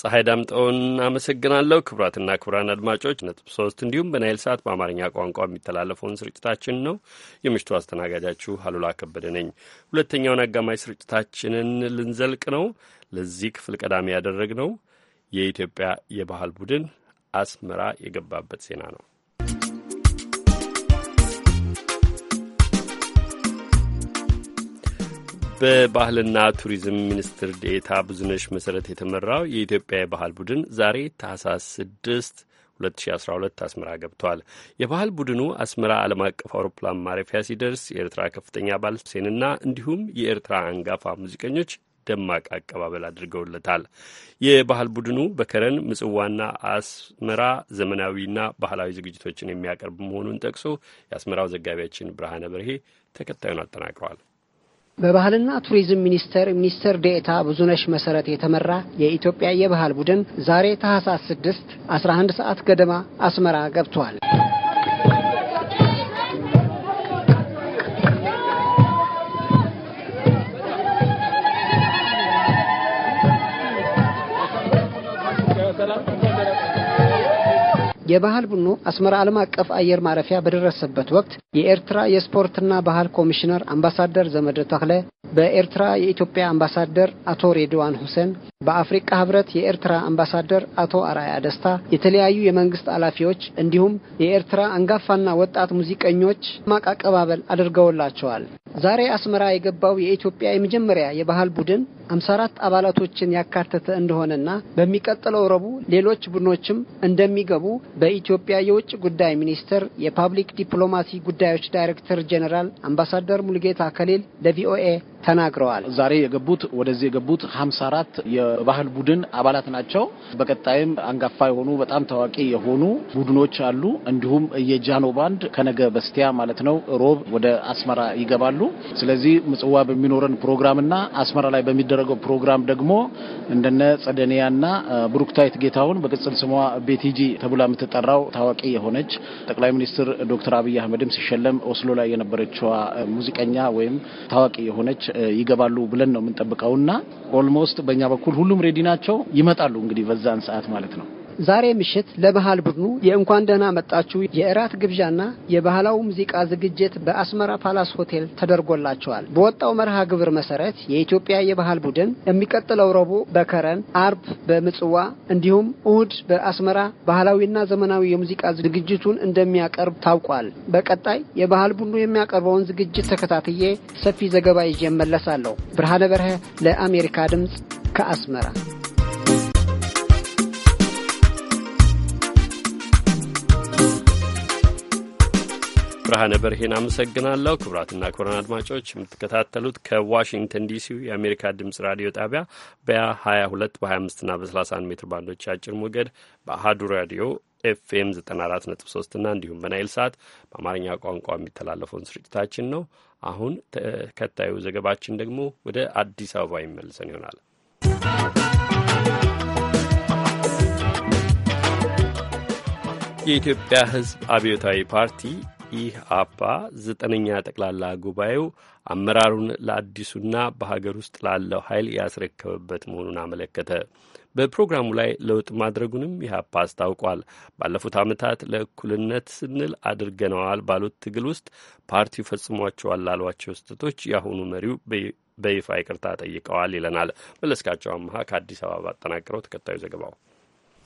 Speaker 1: ፀሐይ ዳምጠውን አመሰግናለሁ። ክቡራትና ክቡራን አድማጮች ነጥብ ሶስት እንዲሁም በናይል ሰዓት በአማርኛ ቋንቋ የሚተላለፈውን ስርጭታችን ነው። የምሽቱ አስተናጋጃችሁ አሉላ ከበደ ነኝ። ሁለተኛውን አጋማሽ ስርጭታችንን ልንዘልቅ ነው። ለዚህ ክፍል ቀዳሚ ያደረግነው የኢትዮጵያ የባህል ቡድን አስመራ የገባበት ዜና ነው። በባህልና ቱሪዝም ሚኒስትር ዴታ ብዙነሽ መሰረት የተመራው የኢትዮጵያ የባህል ቡድን ዛሬ ታህሳስ 6 2012 አስመራ ገብቷል። የባህል ቡድኑ አስመራ ዓለም አቀፍ አውሮፕላን ማረፊያ ሲደርስ የኤርትራ ከፍተኛ ባለሴንና እንዲሁም የኤርትራ አንጋፋ ሙዚቀኞች ደማቅ አቀባበል አድርገውለታል። የባህል ቡድኑ በከረን ምጽዋና አስመራ ዘመናዊና ባህላዊ ዝግጅቶችን የሚያቀርብ መሆኑን ጠቅሶ የአስመራው ዘጋቢያችን ብርሃነ በርሄ ተከታዩን አጠናቅረዋል።
Speaker 12: በባህልና ቱሪዝም ሚኒስቴር ሚኒስትር ዴኤታ ብዙነሽ መሰረት የተመራ የኢትዮጵያ የባህል ቡድን ዛሬ ታህሳስ 6 11 ሰዓት ገደማ አስመራ ገብቷል። የባህል ቡድኑ አስመራ ዓለም አቀፍ አየር ማረፊያ በደረሰበት ወቅት የኤርትራ የስፖርትና ባህል ኮሚሽነር አምባሳደር ዘመደ ተክለ በኤርትራ የኢትዮጵያ አምባሳደር አቶ ሬድዋን ሁሴን በአፍሪካ ህብረት የኤርትራ አምባሳደር አቶ አራያ ደስታ፣ የተለያዩ የመንግስት ኃላፊዎች እንዲሁም የኤርትራ አንጋፋና ወጣት ሙዚቀኞች ደማቅ አቀባበል አድርገውላቸዋል። ዛሬ አስመራ የገባው የኢትዮጵያ የመጀመሪያ የባህል ቡድን 54 አባላቶችን ያካተተ እንደሆነና በሚቀጥለው ረቡዕ ሌሎች ቡድኖችም እንደሚገቡ በኢትዮጵያ የውጭ ጉዳይ ሚኒስቴር የፓብሊክ ዲፕሎማሲ ጉዳዮች ዳይሬክተር ጄኔራል አምባሳደር ሙልጌታ ከሊል ለቪኦኤ ተናግረዋል። ዛሬ
Speaker 11: የገቡት ወደዚህ የገቡት 54 የባህል ቡድን አባላት ናቸው። በቀጣይም አንጋፋ የሆኑ በጣም ታዋቂ የሆኑ ቡድኖች አሉ። እንዲሁም የጃኖ ባንድ ከነገ በስቲያ ማለት ነው ሮብ ወደ አስመራ ይገባሉ። ስለዚህ ምጽዋ በሚኖረን ፕሮግራምና አስመራ ላይ በሚደረገው ፕሮግራም ደግሞ እንደነ ጸደኒያና ብሩክታይት ጌታሁን በቅጽል ስሟ ቤቲጂ ተብላ የምትጠራው ታዋቂ የሆነች ጠቅላይ ሚኒስትር ዶክተር አብይ አህመድም ሲሸለም ኦስሎ ላይ የነበረችዋ ሙዚቀኛ ወይም ታዋቂ የሆነች ይገባሉ ብለን ነው የምንጠብቀውና ኦልሞስት በእኛ በኩል ሁሉም ሬዲ ናቸው ይመጣሉ። እንግዲህ በዛን ሰዓት ማለት ነው።
Speaker 12: ዛሬ ምሽት ለባህል ቡድኑ የእንኳን ደህና መጣችሁ የእራት ግብዣና የባህላዊ ሙዚቃ ዝግጅት በአስመራ ፓላስ ሆቴል ተደርጎላቸዋል። በወጣው መርሃ ግብር መሰረት የኢትዮጵያ የባህል ቡድን የሚቀጥለው ረቡዕ በከረን፣ አርብ በምጽዋ እንዲሁም እሁድ በአስመራ ባህላዊና ዘመናዊ የሙዚቃ ዝግጅቱን እንደሚያቀርብ ታውቋል። በቀጣይ የባህል ቡድኑ የሚያቀርበውን ዝግጅት ተከታትዬ ሰፊ ዘገባ ይዤ እመለሳለሁ። ብርሃነ በርሀ ለአሜሪካ ድምፅ ከአስመራ
Speaker 1: ብርሃነ በርሄን አመሰግናለሁ። ክቡራትና ክቡራን አድማጮች የምትከታተሉት ከዋሽንግተን ዲሲ የአሜሪካ ድምጽ ራዲዮ ጣቢያ በ22 በ25ና በ31 ሜትር ባንዶች አጭር ሞገድ በአህዱ ራዲዮ ኤፍኤም 94.3 እና እንዲሁም በናይል ሰዓት በአማርኛ ቋንቋ የሚተላለፈውን ስርጭታችን ነው። አሁን ተከታዩ ዘገባችን ደግሞ ወደ አዲስ አበባ ይመልሰን ይሆናል። የኢትዮጵያ ሕዝብ አብዮታዊ ፓርቲ ኢህአፓ ዘጠነኛ ጠቅላላ ጉባኤው አመራሩን ለአዲሱና በሀገር ውስጥ ላለው ኃይል ያስረከበበት መሆኑን አመለከተ። በፕሮግራሙ ላይ ለውጥ ማድረጉንም ኢህአፓ አስታውቋል። ባለፉት ዓመታት ለእኩልነት ስንል አድርገነዋል ባሉት ትግል ውስጥ ፓርቲው ፈጽሟቸዋል ላሏቸው ስህተቶች የአሁኑ መሪው በይፋ ይቅርታ ጠይቀዋል ይለናል መለስካቸው አምሃ ከአዲስ አበባ አጠናቅረው ተከታዩ ዘገባው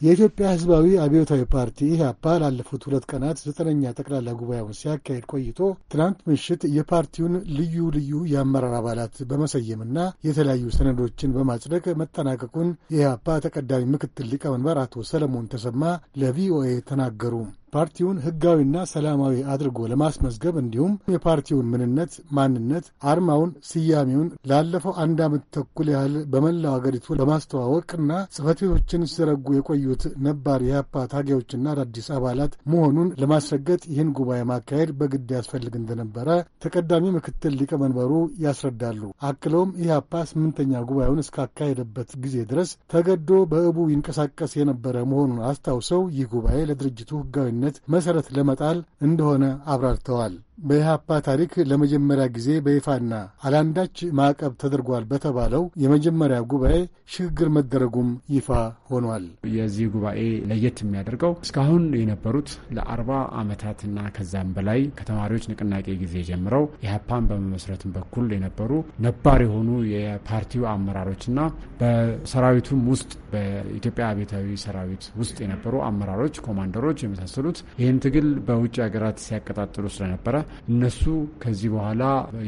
Speaker 4: የኢትዮጵያ ህዝባዊ አብዮታዊ ፓርቲ ኢህአፓ ላለፉት ሁለት ቀናት ዘጠነኛ ጠቅላላ ጉባኤውን ሲያካሄድ ቆይቶ ትናንት ምሽት የፓርቲውን ልዩ ልዩ የአመራር አባላት በመሰየምና የተለያዩ ሰነዶችን በማጽደቅ መጠናቀቁን የኢህአፓ ተቀዳሚ ምክትል ሊቀመንበር አቶ ሰለሞን ተሰማ ለቪኦኤ ተናገሩ። ፓርቲውን ህጋዊና ሰላማዊ አድርጎ ለማስመዝገብ እንዲሁም የፓርቲውን ምንነት፣ ማንነት፣ አርማውን፣ ስያሜውን ላለፈው አንድ ዓመት ተኩል ያህል በመላው አገሪቱ ለማስተዋወቅና ጽሕፈት ቤቶችን ሲዘረጉ የቆዩት ነባር የሀፓ ታጋዮችና አዳዲስ አባላት መሆኑን ለማስረገጥ ይህን ጉባኤ ማካሄድ በግድ ያስፈልግ እንደነበረ ተቀዳሚ ምክትል ሊቀመንበሩ ያስረዳሉ። አክለውም ኢህአፓ ስምንተኛ ጉባኤውን እስካካሄደበት ጊዜ ድረስ ተገዶ በእቡ ይንቀሳቀስ የነበረ መሆኑን አስታውሰው ይህ ጉባኤ ለድርጅቱ ህጋዊ ስምምነት መሠረት ለመጣል እንደሆነ አብራርተዋል። በኢህአፓ ታሪክ ለመጀመሪያ ጊዜ በይፋና አላንዳች ማዕቀብ ተደርጓል በተባለው የመጀመሪያ ጉባኤ ሽግግር መደረጉም ይፋ ሆኗል። የዚህ ጉባኤ
Speaker 11: ለየት የሚያደርገው እስካሁን የነበሩት ለአርባ ዓመታትና ከዛም በላይ ከተማሪዎች ንቅናቄ ጊዜ ጀምረው ኢህአፓን በመመስረትም በኩል የነበሩ ነባር የሆኑ የፓርቲው አመራሮችና በሰራዊቱም ውስጥ በኢትዮጵያ አብዮታዊ ሰራዊት ውስጥ የነበሩ አመራሮች፣ ኮማንደሮች የመሳሰሉት ይህን ትግል በውጭ ሀገራት ሲያቀጣጥሉ ስለነበረ እነሱ ከዚህ በኋላ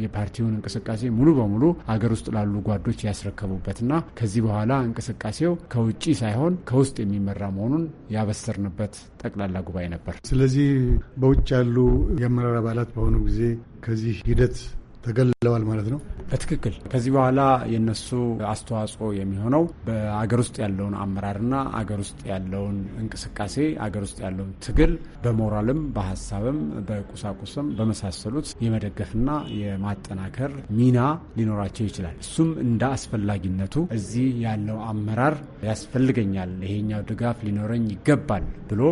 Speaker 11: የፓርቲውን እንቅስቃሴ ሙሉ በሙሉ አገር ውስጥ ላሉ ጓዶች ያስረከቡበትና ከዚህ በኋላ እንቅስቃሴው ከውጭ ሳይሆን ከውስጥ የሚመራ መሆኑን ያበሰርንበት ጠቅላላ ጉባኤ ነበር።
Speaker 4: ስለዚህ በውጭ ያሉ የአመራር አባላት በሆኑ ጊዜ ከዚህ ሂደት ተገልለዋል ማለት ነው።
Speaker 11: በትክክል ከዚህ በኋላ የነሱ አስተዋጽኦ የሚሆነው በአገር ውስጥ ያለውን አመራርና አገር ውስጥ ያለውን እንቅስቃሴ አገር ውስጥ ያለውን ትግል በሞራልም በሀሳብም በቁሳቁስም በመሳሰሉት የመደገፍና የማጠናከር ሚና ሊኖራቸው ይችላል። እሱም እንደ አስፈላጊነቱ እዚህ ያለው አመራር ያስፈልገኛል፣ ይሄኛው ድጋፍ ሊኖረኝ ይገባል ብሎ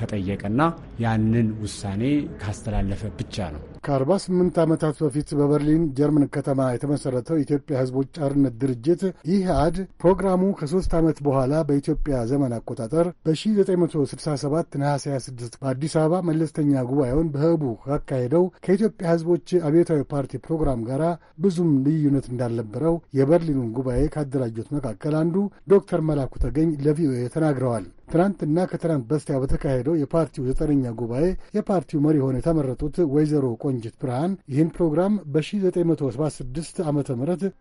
Speaker 11: ከጠየቀና ያንን ውሳኔ ካስተላለፈ ብቻ ነው
Speaker 4: ከ48 ዓመታት በፊት በበርሊን ጀርመን ከተማ የተመሠረተው የኢትዮጵያ ሕዝቦች አርነት ድርጅት ይህ አድ ፕሮግራሙ ከሦስት ዓመት በኋላ በኢትዮጵያ ዘመን አቆጣጠር በ1967 ነሐሴ 26 በአዲስ አበባ መለስተኛ ጉባኤውን በህቡ ካካሄደው ከኢትዮጵያ ሕዝቦች አብዮታዊ ፓርቲ ፕሮግራም ጋር ብዙም ልዩነት እንዳልነበረው የበርሊኑን ጉባኤ ካደራጆት መካከል አንዱ ዶክተር መላኩ ተገኝ ለቪኦኤ ተናግረዋል። ትናንትና ከትናንት በስቲያ በተካሄደው የፓርቲው ዘጠነኛ ጉባኤ የፓርቲው መሪ ሆነው የተመረጡት ወይዘሮ ቆንጅት ብርሃን ይህን ፕሮግራም በ1976 ዓ ም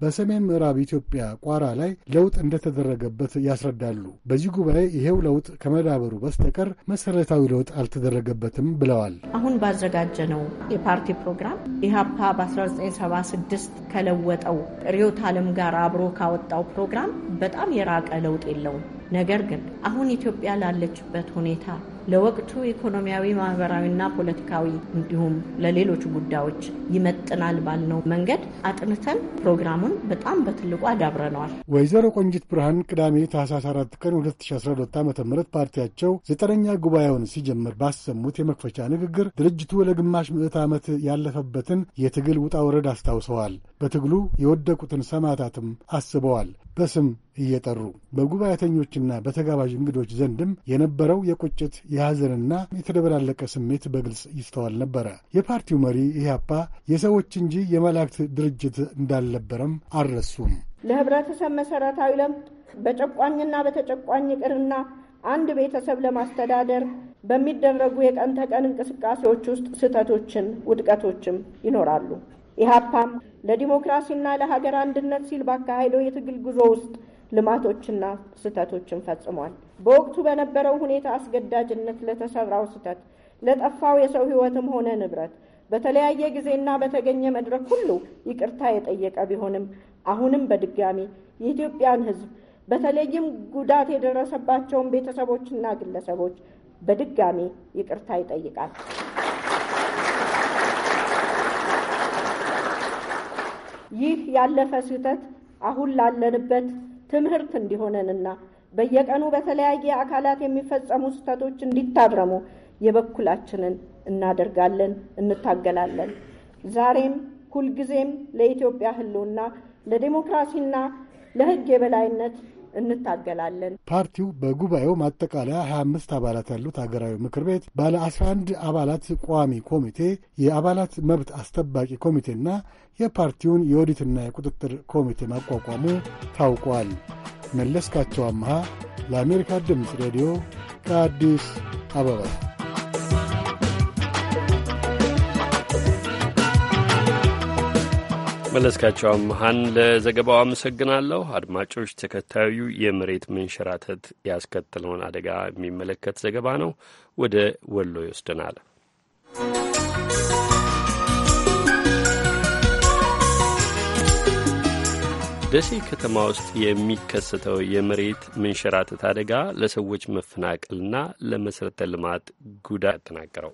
Speaker 4: በሰሜን ምዕራብ ኢትዮጵያ ቋራ ላይ ለውጥ እንደተደረገበት ያስረዳሉ። በዚህ ጉባኤ ይሄው ለውጥ ከመዳበሩ በስተቀር መሰረታዊ ለውጥ አልተደረገበትም ብለዋል።
Speaker 9: አሁን ባዘጋጀነው የፓርቲ ፕሮግራም ኢህአፓ በ1976 ከለወጠው ርዕዮተ ዓለም ጋር አብሮ ካወጣው ፕሮግራም በጣም የራቀ ለውጥ የለውም። ነገር ግን አሁን ኢትዮጵያ ላለችበት ሁኔታ ለወቅቱ ኢኮኖሚያዊ፣ ማህበራዊና ፖለቲካዊ እንዲሁም ለሌሎች ጉዳዮች ይመጥናል ባልነው መንገድ አጥንተን ፕሮግራሙን በጣም በትልቁ
Speaker 17: አዳብረነዋል።
Speaker 4: ወይዘሮ ቆንጂት ብርሃን ቅዳሜ ታህሳስ 4 ቀን 2012 ዓ ም ፓርቲያቸው ዘጠነኛ ጉባኤውን ሲጀምር ባሰሙት የመክፈቻ ንግግር ድርጅቱ ለግማሽ ምዕት ዓመት ያለፈበትን የትግል ውጣ ውረድ አስታውሰዋል። በትግሉ የወደቁትን ሰማዕታትም አስበዋል። በስም እየጠሩ በጉባኤተኞችና በተጋባዥ እንግዶች ዘንድም የነበረው የቁጭት የሐዘንና የተደበላለቀ ስሜት በግልጽ ይስተዋል ነበረ። የፓርቲው መሪ ኢህአፓ የሰዎች እንጂ የመላእክት ድርጅት እንዳልነበረም አልረሱም።
Speaker 9: ለህብረተሰብ መሰረታዊ ለምጥ በጨቋኝና በተጨቋኝ ይቅርና አንድ ቤተሰብ ለማስተዳደር በሚደረጉ የቀን ተቀን እንቅስቃሴዎች ውስጥ ስህተቶችን፣ ውድቀቶችም ይኖራሉ። ኢህአፓም ለዲሞክራሲና ለሀገር አንድነት ሲል ባካሄደው የትግል ጉዞ ውስጥ ልማቶችና ስህተቶችን ፈጽሟል። በወቅቱ በነበረው ሁኔታ አስገዳጅነት ለተሰራው ስህተት፣ ለጠፋው የሰው ህይወትም ሆነ ንብረት በተለያየ ጊዜና በተገኘ መድረክ ሁሉ ይቅርታ የጠየቀ ቢሆንም አሁንም በድጋሚ የኢትዮጵያን ህዝብ በተለይም ጉዳት የደረሰባቸውን ቤተሰቦችና ግለሰቦች በድጋሚ ይቅርታ ይጠይቃል። ይህ ያለፈ ስህተት አሁን ላለንበት ትምህርት እንዲሆነንና በየቀኑ በተለያየ አካላት የሚፈጸሙ ስህተቶች እንዲታረሙ የበኩላችንን እናደርጋለን፣ እንታገላለን። ዛሬም ሁልጊዜም ለኢትዮጵያ ሕልውና ለዲሞክራሲና ለሕግ የበላይነት እንታገላለን።
Speaker 4: ፓርቲው በጉባኤው ማጠቃለያ 25 አባላት ያሉት ሀገራዊ ምክር ቤት ባለ 11 አባላት ቋሚ ኮሚቴ፣ የአባላት መብት አስጠባቂ ኮሚቴና የፓርቲውን የኦዲትና የቁጥጥር ኮሚቴ ማቋቋሙ ታውቋል። መለስካቸው አምሃ ለአሜሪካ ድምፅ ሬዲዮ ከአዲስ አበባ
Speaker 1: መለስካቸው አምሃን ለዘገባው አመሰግናለሁ። አድማጮች፣ ተከታዩ የመሬት መንሸራተት ያስከተለውን አደጋ የሚመለከት ዘገባ ነው። ወደ ወሎ ይወስደናል። ደሴ ከተማ ውስጥ የሚከሰተው የመሬት መንሸራተት አደጋ ለሰዎች መፈናቀልና ለመሠረተ ልማት ጉዳት ተናገረው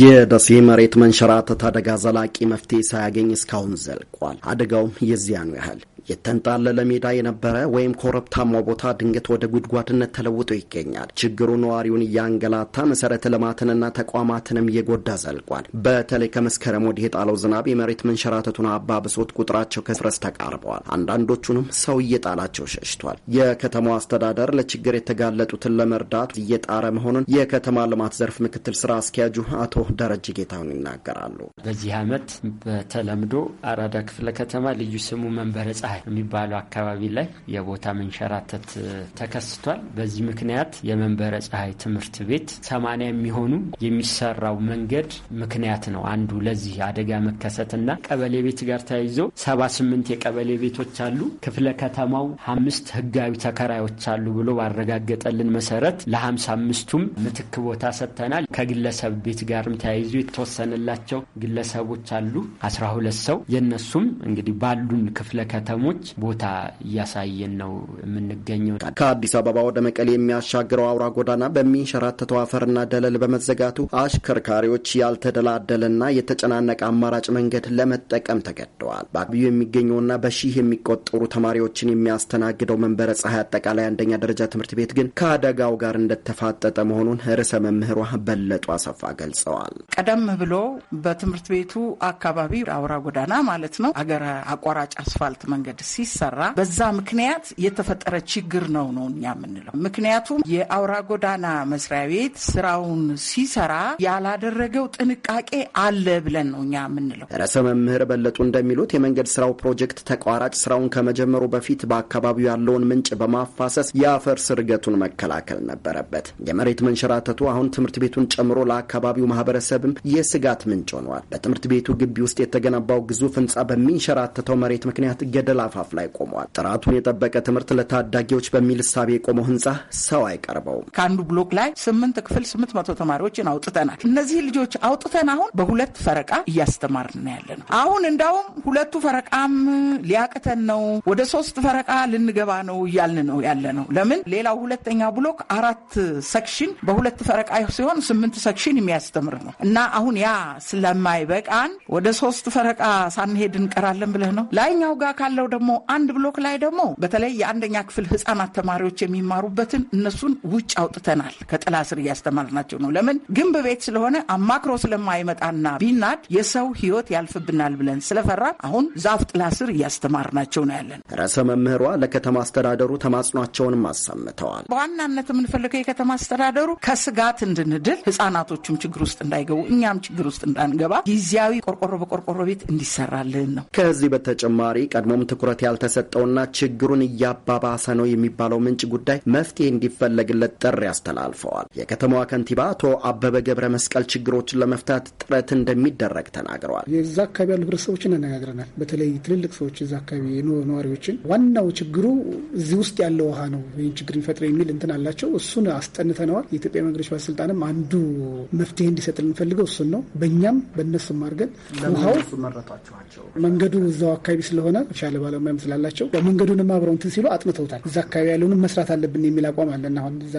Speaker 6: የደሴ መሬት መንሸራተት አደጋ ዘላቂ መፍትሄ ሳያገኝ እስካሁን ዘልቋል። አደጋውም የዚያኑ ያህል የተንጣለለ ሜዳ የነበረ ወይም ኮረብታማ ቦታ ድንገት ወደ ጉድጓድነት ተለውጦ ይገኛል። ችግሩ ነዋሪውን እያንገላታ መሰረተ ልማትንና ተቋማትንም እየጎዳ ዘልቋል። በተለይ ከመስከረም ወዲህ የጣለው ዝናብ የመሬት መንሸራተቱን አባብሶት ቁጥራቸው ከፍረስ ተቃርበዋል። አንዳንዶቹንም ሰው እየጣላቸው ሸሽቷል። የከተማው አስተዳደር ለችግር የተጋለጡትን ለመርዳት እየጣረ መሆኑን የከተማ ልማት ዘርፍ ምክትል ስራ አስኪያጁ አቶ ደረጀ ጌታሁን ይናገራሉ።
Speaker 18: በዚህ አመት በተለምዶ አራዳ ክፍለ ከተማ ልዩ ስሙ መንበረ ፀሐይ የሚባለው አካባቢ ላይ የቦታ መንሸራተት ተከስቷል። በዚህ ምክንያት የመንበረ ፀሐይ ትምህርት ቤት ሰማንያ የሚሆኑ የሚሰራው መንገድ ምክንያት ነው አንዱ ለዚህ አደጋ መከሰትና ቀበሌ ቤት ጋር ተያይዞ ሰባ ስምንት የቀበሌ ቤቶች አሉ። ክፍለ ከተማው አምስት ህጋዊ ተከራዮች አሉ ብሎ ባረጋገጠልን መሰረት ለሀምሳ አምስቱም ምትክ ቦታ ሰጥተናል። ከግለሰብ ቤት ጋርም ተያይዞ የተወሰነላቸው ግለሰቦች አሉ አስራ ሁለት ሰው የነሱም እንግዲህ ባሉን ክፍለ ከተማ ከተሞች ቦታ እያሳየን ነው የምንገኘው።
Speaker 6: ከአዲስ አበባ ወደ መቀሌ የሚያሻግረው አውራ ጎዳና በሚንሸራተተው አፈርና ደለል በመዘጋቱ አሽከርካሪዎች ያልተደላደለና የተጨናነቀ አማራጭ መንገድ ለመጠቀም ተገደዋል። በአቢዩ የሚገኘውና በሺህ የሚቆጠሩ ተማሪዎችን የሚያስተናግደው መንበረ ፀሐይ አጠቃላይ አንደኛ ደረጃ ትምህርት ቤት ግን ከአደጋው ጋር እንደተፋጠጠ መሆኑን ርዕሰ መምህሯ በለጡ አሰፋ ገልጸዋል።
Speaker 17: ቀደም ብሎ በትምህርት ቤቱ አካባቢ አውራ ጎዳና ማለት ነው አገር አቋራጭ አስፋልት መንገድ መንገድ ሲሰራ በዛ ምክንያት የተፈጠረ ችግር ነው ነው እኛ የምንለው። ምክንያቱም የአውራ ጎዳና መስሪያ ቤት ስራውን ሲሰራ ያላደረገው ጥንቃቄ አለ ብለን ነው እኛ የምንለው።
Speaker 6: ርዕሰ መምህር በለጡ እንደሚሉት የመንገድ ስራው ፕሮጀክት ተቋራጭ ስራውን ከመጀመሩ በፊት በአካባቢው ያለውን ምንጭ በማፋሰስ የአፈር ስርገቱን መከላከል ነበረበት። የመሬት መንሸራተቱ አሁን ትምህርት ቤቱን ጨምሮ ለአካባቢው ማህበረሰብም የስጋት ምንጭ ሆኗል። በትምህርት ቤቱ ግቢ ውስጥ የተገነባው ግዙፍ ህንፃ በሚንሸራተተው መሬት ምክንያት ገደል መሰቀል አፋፍ ላይ ቆመዋል። ጥራቱን የጠበቀ ትምህርት ለታዳጊዎች በሚል እሳቤ የቆመው ህንፃ ሰው አይቀርበውም።
Speaker 17: ከአንዱ ብሎክ ላይ ስምንት ክፍል ስምንት መቶ ተማሪዎችን አውጥተናል። እነዚህ ልጆች አውጥተን አሁን በሁለት ፈረቃ እያስተማርን ያለ ነው። አሁን እንዳውም ሁለቱ ፈረቃም ሊያቅተን ነው፣ ወደ ሶስት ፈረቃ ልንገባ ነው እያልን ነው ያለ ነው። ለምን ሌላው ሁለተኛ ብሎክ አራት ሰክሽን በሁለት ፈረቃ ሲሆን ስምንት ሰክሽን የሚያስተምር ነው እና አሁን ያ ስለማይበቃን ወደ ሶስት ፈረቃ ሳንሄድ እንቀራለን ብለህ ነው ላይኛው ጋር ካለው ሌላው ደግሞ አንድ ብሎክ ላይ ደግሞ በተለይ የአንደኛ ክፍል ህጻናት ተማሪዎች የሚማሩበትን እነሱን ውጭ አውጥተናል። ከጥላ ስር እያስተማርናቸው ነው። ለምን ግንብ ቤት ስለሆነ አማክሮ ስለማይመጣና ቢናድ የሰው ህይወት ያልፍብናል ብለን ስለፈራ አሁን ዛፍ ጥላ ስር እያስተማርናቸው ነው ያለን።
Speaker 6: ርዕሰ መምህሯ ለከተማ አስተዳደሩ ተማጽኗቸውንም አሰምተዋል።
Speaker 17: በዋናነት የምንፈልገው የከተማ አስተዳደሩ ከስጋት እንድንድል፣ ህጻናቶቹም ችግር ውስጥ እንዳይገቡ፣ እኛም ችግር ውስጥ እንዳንገባ ጊዜያዊ ቆርቆሮ በቆርቆሮ ቤት
Speaker 6: እንዲሰራልን ነው። ከዚህ በተጨማሪ ቀድሞም ትኩረት ያልተሰጠውና ችግሩን እያባባሰ ነው የሚባለው ምንጭ ጉዳይ መፍትሄ እንዲፈለግለት ጥሪ አስተላልፈዋል። የከተማዋ ከንቲባ አቶ አበበ ገብረ መስቀል ችግሮችን ለመፍታት ጥረት እንደሚደረግ ተናግረዋል።
Speaker 7: የዛ አካባቢ ያሉ ህብረተሰቦችን አነጋግረናል። በተለይ ትልልቅ ሰዎች እዛ አካባቢ ነዋሪዎችን ዋናው ችግሩ እዚህ ውስጥ ያለ ውሃ ነው ይህን ችግር ይፈጥረ የሚል እንትን አላቸው። እሱን አስጠንተነዋል። የኢትዮጵያ መንገዶች ባለስልጣንም አንዱ መፍትሄ እንዲሰጥ ልንፈልገው እሱን ነው። በእኛም በእነሱም አድርገን ውሃው መንገዱ እዛው አካባቢ ስለሆነ ሻለባ ባለሙያም ስላላቸው መንገዱንም አብረው እንትን ሲሉ አጥንተውታል። እዛ አካባቢ ያለውንም መስራት አለብን የሚል አቋም አለና አሁን እዛ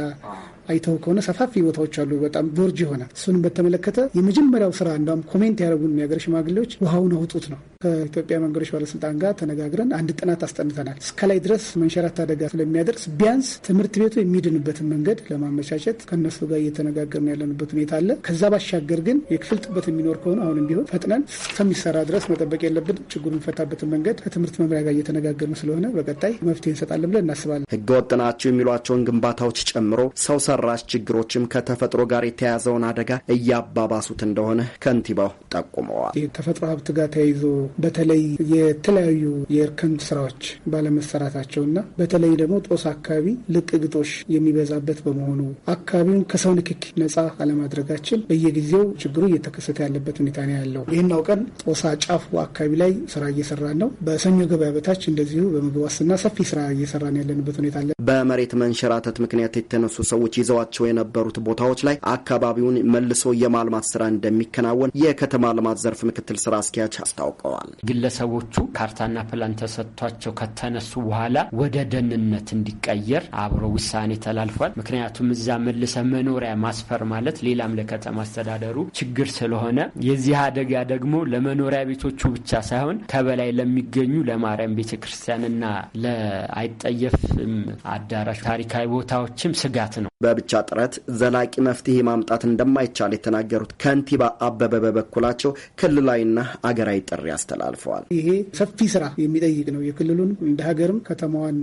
Speaker 7: አይተው ከሆነ ሰፋፊ ቦታዎች አሉ፣ በጣም ቦርጅ ይሆናል። እሱንም በተመለከተ የመጀመሪያው ስራ እንዳውም ኮሜንት ያደረጉን የሀገር ሽማግሌዎች ውሃውን አውጡት ነው። ከኢትዮጵያ መንገዶች ባለስልጣን ጋር ተነጋግረን አንድ ጥናት አስጠንተናል። እስከላይ ድረስ መንሸራት አደጋ ስለሚያደርስ ቢያንስ ትምህርት ቤቱ የሚድንበትን መንገድ ለማመቻቸት ከእነሱ ጋር እየተነጋገርን ያለንበት ሁኔታ አለ። ከዛ ባሻገር ግን የክፍል ጥበት የሚኖር ከሆነ አሁንም ቢሆን ፈጥነን እስከሚሰራ ድረስ መጠበቅ የለብን። ችግሩ የሚፈታበትን መንገድ ከትምህርት መምሪያ ጋር እየተነጋገርን ስለሆነ በቀጣይ
Speaker 6: መፍትሄ እንሰጣለን ብለን እናስባለን። ህገወጥ ናቸው የሚሏቸውን ግንባታዎች ጨምሮ ሰው ሰራሽ ችግሮችም ከተፈጥሮ ጋር የተያዘውን አደጋ እያባባሱት እንደሆነ ከንቲባው ጠቁመዋል። የተፈጥሮ
Speaker 7: ሀብት ጋር ተያይዞ በተለይ የተለያዩ የእርከን ስራዎች ባለመሰራታቸውና በተለይ ደግሞ ጦስ አካባቢ ልቅ ግጦሽ የሚበዛበት በመሆኑ አካባቢውን ከሰው ንክኪ ነጻ አለማድረጋችን በየጊዜው ችግሩ እየተከሰተ ያለበት ሁኔታ ነው ያለው። ይህን አውቀን ጦሳ ጫፉ አካባቢ ላይ ስራ እየሰራ ነው። በሰኞ ገበያ በታች እንደዚሁ በምግብ ዋስትና ሰፊ ስራ እየሰራ ያለንበት
Speaker 6: ሁኔታ አለ። በመሬት መንሸራተት ምክንያት የተነሱ ሰዎች ይዘዋቸው የነበሩት ቦታዎች ላይ አካባቢውን መልሶ የማልማት ስራ እንደሚከናወን የከተማ ልማት ዘርፍ ምክትል ስራ አስኪያጅ አስታውቀዋል።
Speaker 18: ግለሰቦቹ ካርታና ፕላን ተሰጥቷቸው ከተነሱ በኋላ ወደ ደህንነት እንዲቀየር አብሮ ውሳኔ ተላልፏል። ምክንያቱም እዛ መልሰ መኖሪያ ማስፈር ማለት ሌላም ለከተማ አስተዳደሩ ችግር ስለሆነ የዚህ አደጋ ደግሞ ለመኖሪያ ቤቶቹ ብቻ ሳይሆን ከበላይ ለሚገኙ ለማርያም ቤተ ክርስቲያንና ለአይጠየፍም አዳራሽ ታሪካዊ ቦታዎችም ስጋት ነው።
Speaker 6: በብቻ ጥረት ዘላቂ መፍትሄ ማምጣት እንደማይቻል የተናገሩት ከንቲባ አበበ በበኩላቸው ክልላዊና አገራዊ ጥሪ አስተላልፈዋል።
Speaker 7: ይሄ ሰፊ ስራ የሚጠይቅ ነው። የክልሉን እንደ ሀገርም ከተማዋን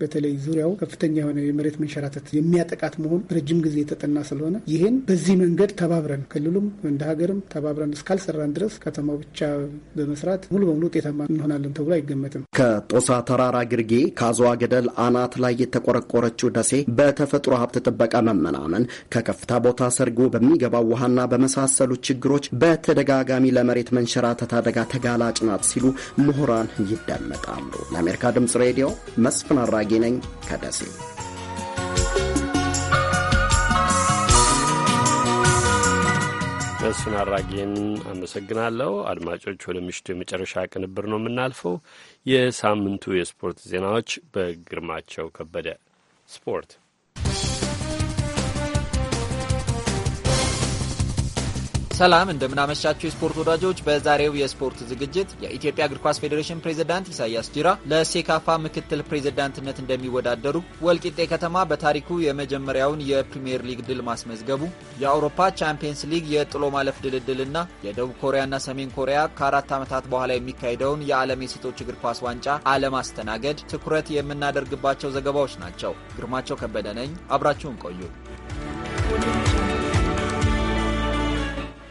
Speaker 7: በተለይ ዙሪያው ከፍተኛ የሆነ የመሬት መንሸራተት የሚያጠቃት መሆኑ ረጅም ጊዜ የተጠና ስለሆነ ይህን በዚህ መንገድ ተባብረን ክልሉም እንደ ሀገርም ተባብረን እስካልሰራን ድረስ ከተማው ብቻ በመስራት ሙሉ በሙሉ ውጤታማ እንሆናለን ተብሎ አይገመትም።
Speaker 6: ከጦሳ ተራራ ግርጌ ከአዘዋ ገደል አናት ላይ የተቆረቆረችው ደሴ በተፈጥሮ ሀብት ጥበቃ ጥበቃ መመናመን፣ ከከፍታ ቦታ ሰርጎ በሚገባው ውሃና በመሳሰሉ ችግሮች በተደጋጋሚ ለመሬት መንሸራተት አደጋ ተጋላጭ ናት ሲሉ ምሁራን ይደመጣሉ። ለአሜሪካ ድምፅ ሬዲዮ መስፍን አራጌ ነኝ ከደሴ።
Speaker 1: መስፍን አራጌን አመሰግናለሁ። አድማጮች፣ ወደ ምሽቱ የመጨረሻ ቅንብር ነው የምናልፈው። የሳምንቱ የስፖርት ዜናዎች በግርማቸው ከበደ ስፖርት
Speaker 19: ሰላም እንደምናመሻቸው የስፖርት ወዳጆች፣ በዛሬው የስፖርት ዝግጅት የኢትዮጵያ እግር ኳስ ፌዴሬሽን ፕሬዝዳንት ኢሳያስ ጂራ ለሴካፋ ምክትል ፕሬዝዳንትነት እንደሚወዳደሩ፣ ወልቂጤ ከተማ በታሪኩ የመጀመሪያውን የፕሪምየር ሊግ ድል ማስመዝገቡ፣ የአውሮፓ ቻምፒየንስ ሊግ የጥሎ ማለፍ ድልድልና የደቡብ ኮሪያና ሰሜን ኮሪያ ከአራት ዓመታት በኋላ የሚካሄደውን የዓለም የሴቶች እግር ኳስ ዋንጫ አለማስተናገድ ትኩረት የምናደርግባቸው ዘገባዎች ናቸው። ግርማቸው ከበደ ነኝ። አብራችሁን ቆዩ።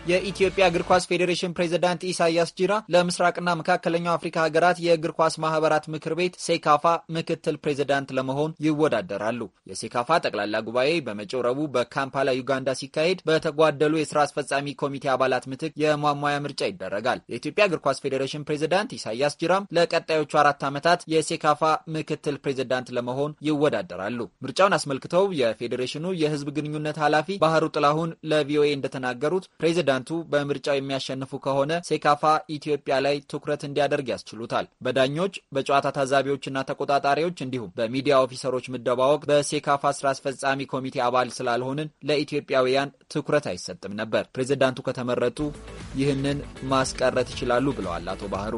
Speaker 19: የኢትዮጵያ እግር ኳስ ፌዴሬሽን ፕሬዝዳንት ኢሳያስ ጂራ ለምስራቅና መካከለኛው አፍሪካ ሀገራት የእግር ኳስ ማህበራት ምክር ቤት ሴካፋ ምክትል ፕሬዝዳንት ለመሆን ይወዳደራሉ። የሴካፋ ጠቅላላ ጉባኤ በመጪው ረቡዕ በካምፓላ ዩጋንዳ ሲካሄድ በተጓደሉ የስራ አስፈጻሚ ኮሚቴ አባላት ምትክ የሟሟያ ምርጫ ይደረጋል። የኢትዮጵያ እግር ኳስ ፌዴሬሽን ፕሬዝዳንት ኢሳያስ ጂራም ለቀጣዮቹ አራት ዓመታት የሴካፋ ምክትል ፕሬዝዳንት ለመሆን ይወዳደራሉ። ምርጫውን አስመልክተው የፌዴሬሽኑ የህዝብ ግንኙነት ኃላፊ ባህሩ ጥላሁን ለቪኦኤ እንደተናገሩት ፕሬዚዳንት ፕሬዚዳንቱ በምርጫው የሚያሸንፉ ከሆነ ሴካፋ ኢትዮጵያ ላይ ትኩረት እንዲያደርግ ያስችሉታል። በዳኞች በጨዋታ ታዛቢዎችና ተቆጣጣሪዎች እንዲሁም በሚዲያ ኦፊሰሮች ምደባ ወቅት በሴካፋ ስራ አስፈጻሚ ኮሚቴ አባል ስላልሆንን ለኢትዮጵያውያን ትኩረት አይሰጥም ነበር። ፕሬዚዳንቱ ከተመረጡ ይህንን ማስቀረት ይችላሉ ብለዋል አቶ ባህሩ።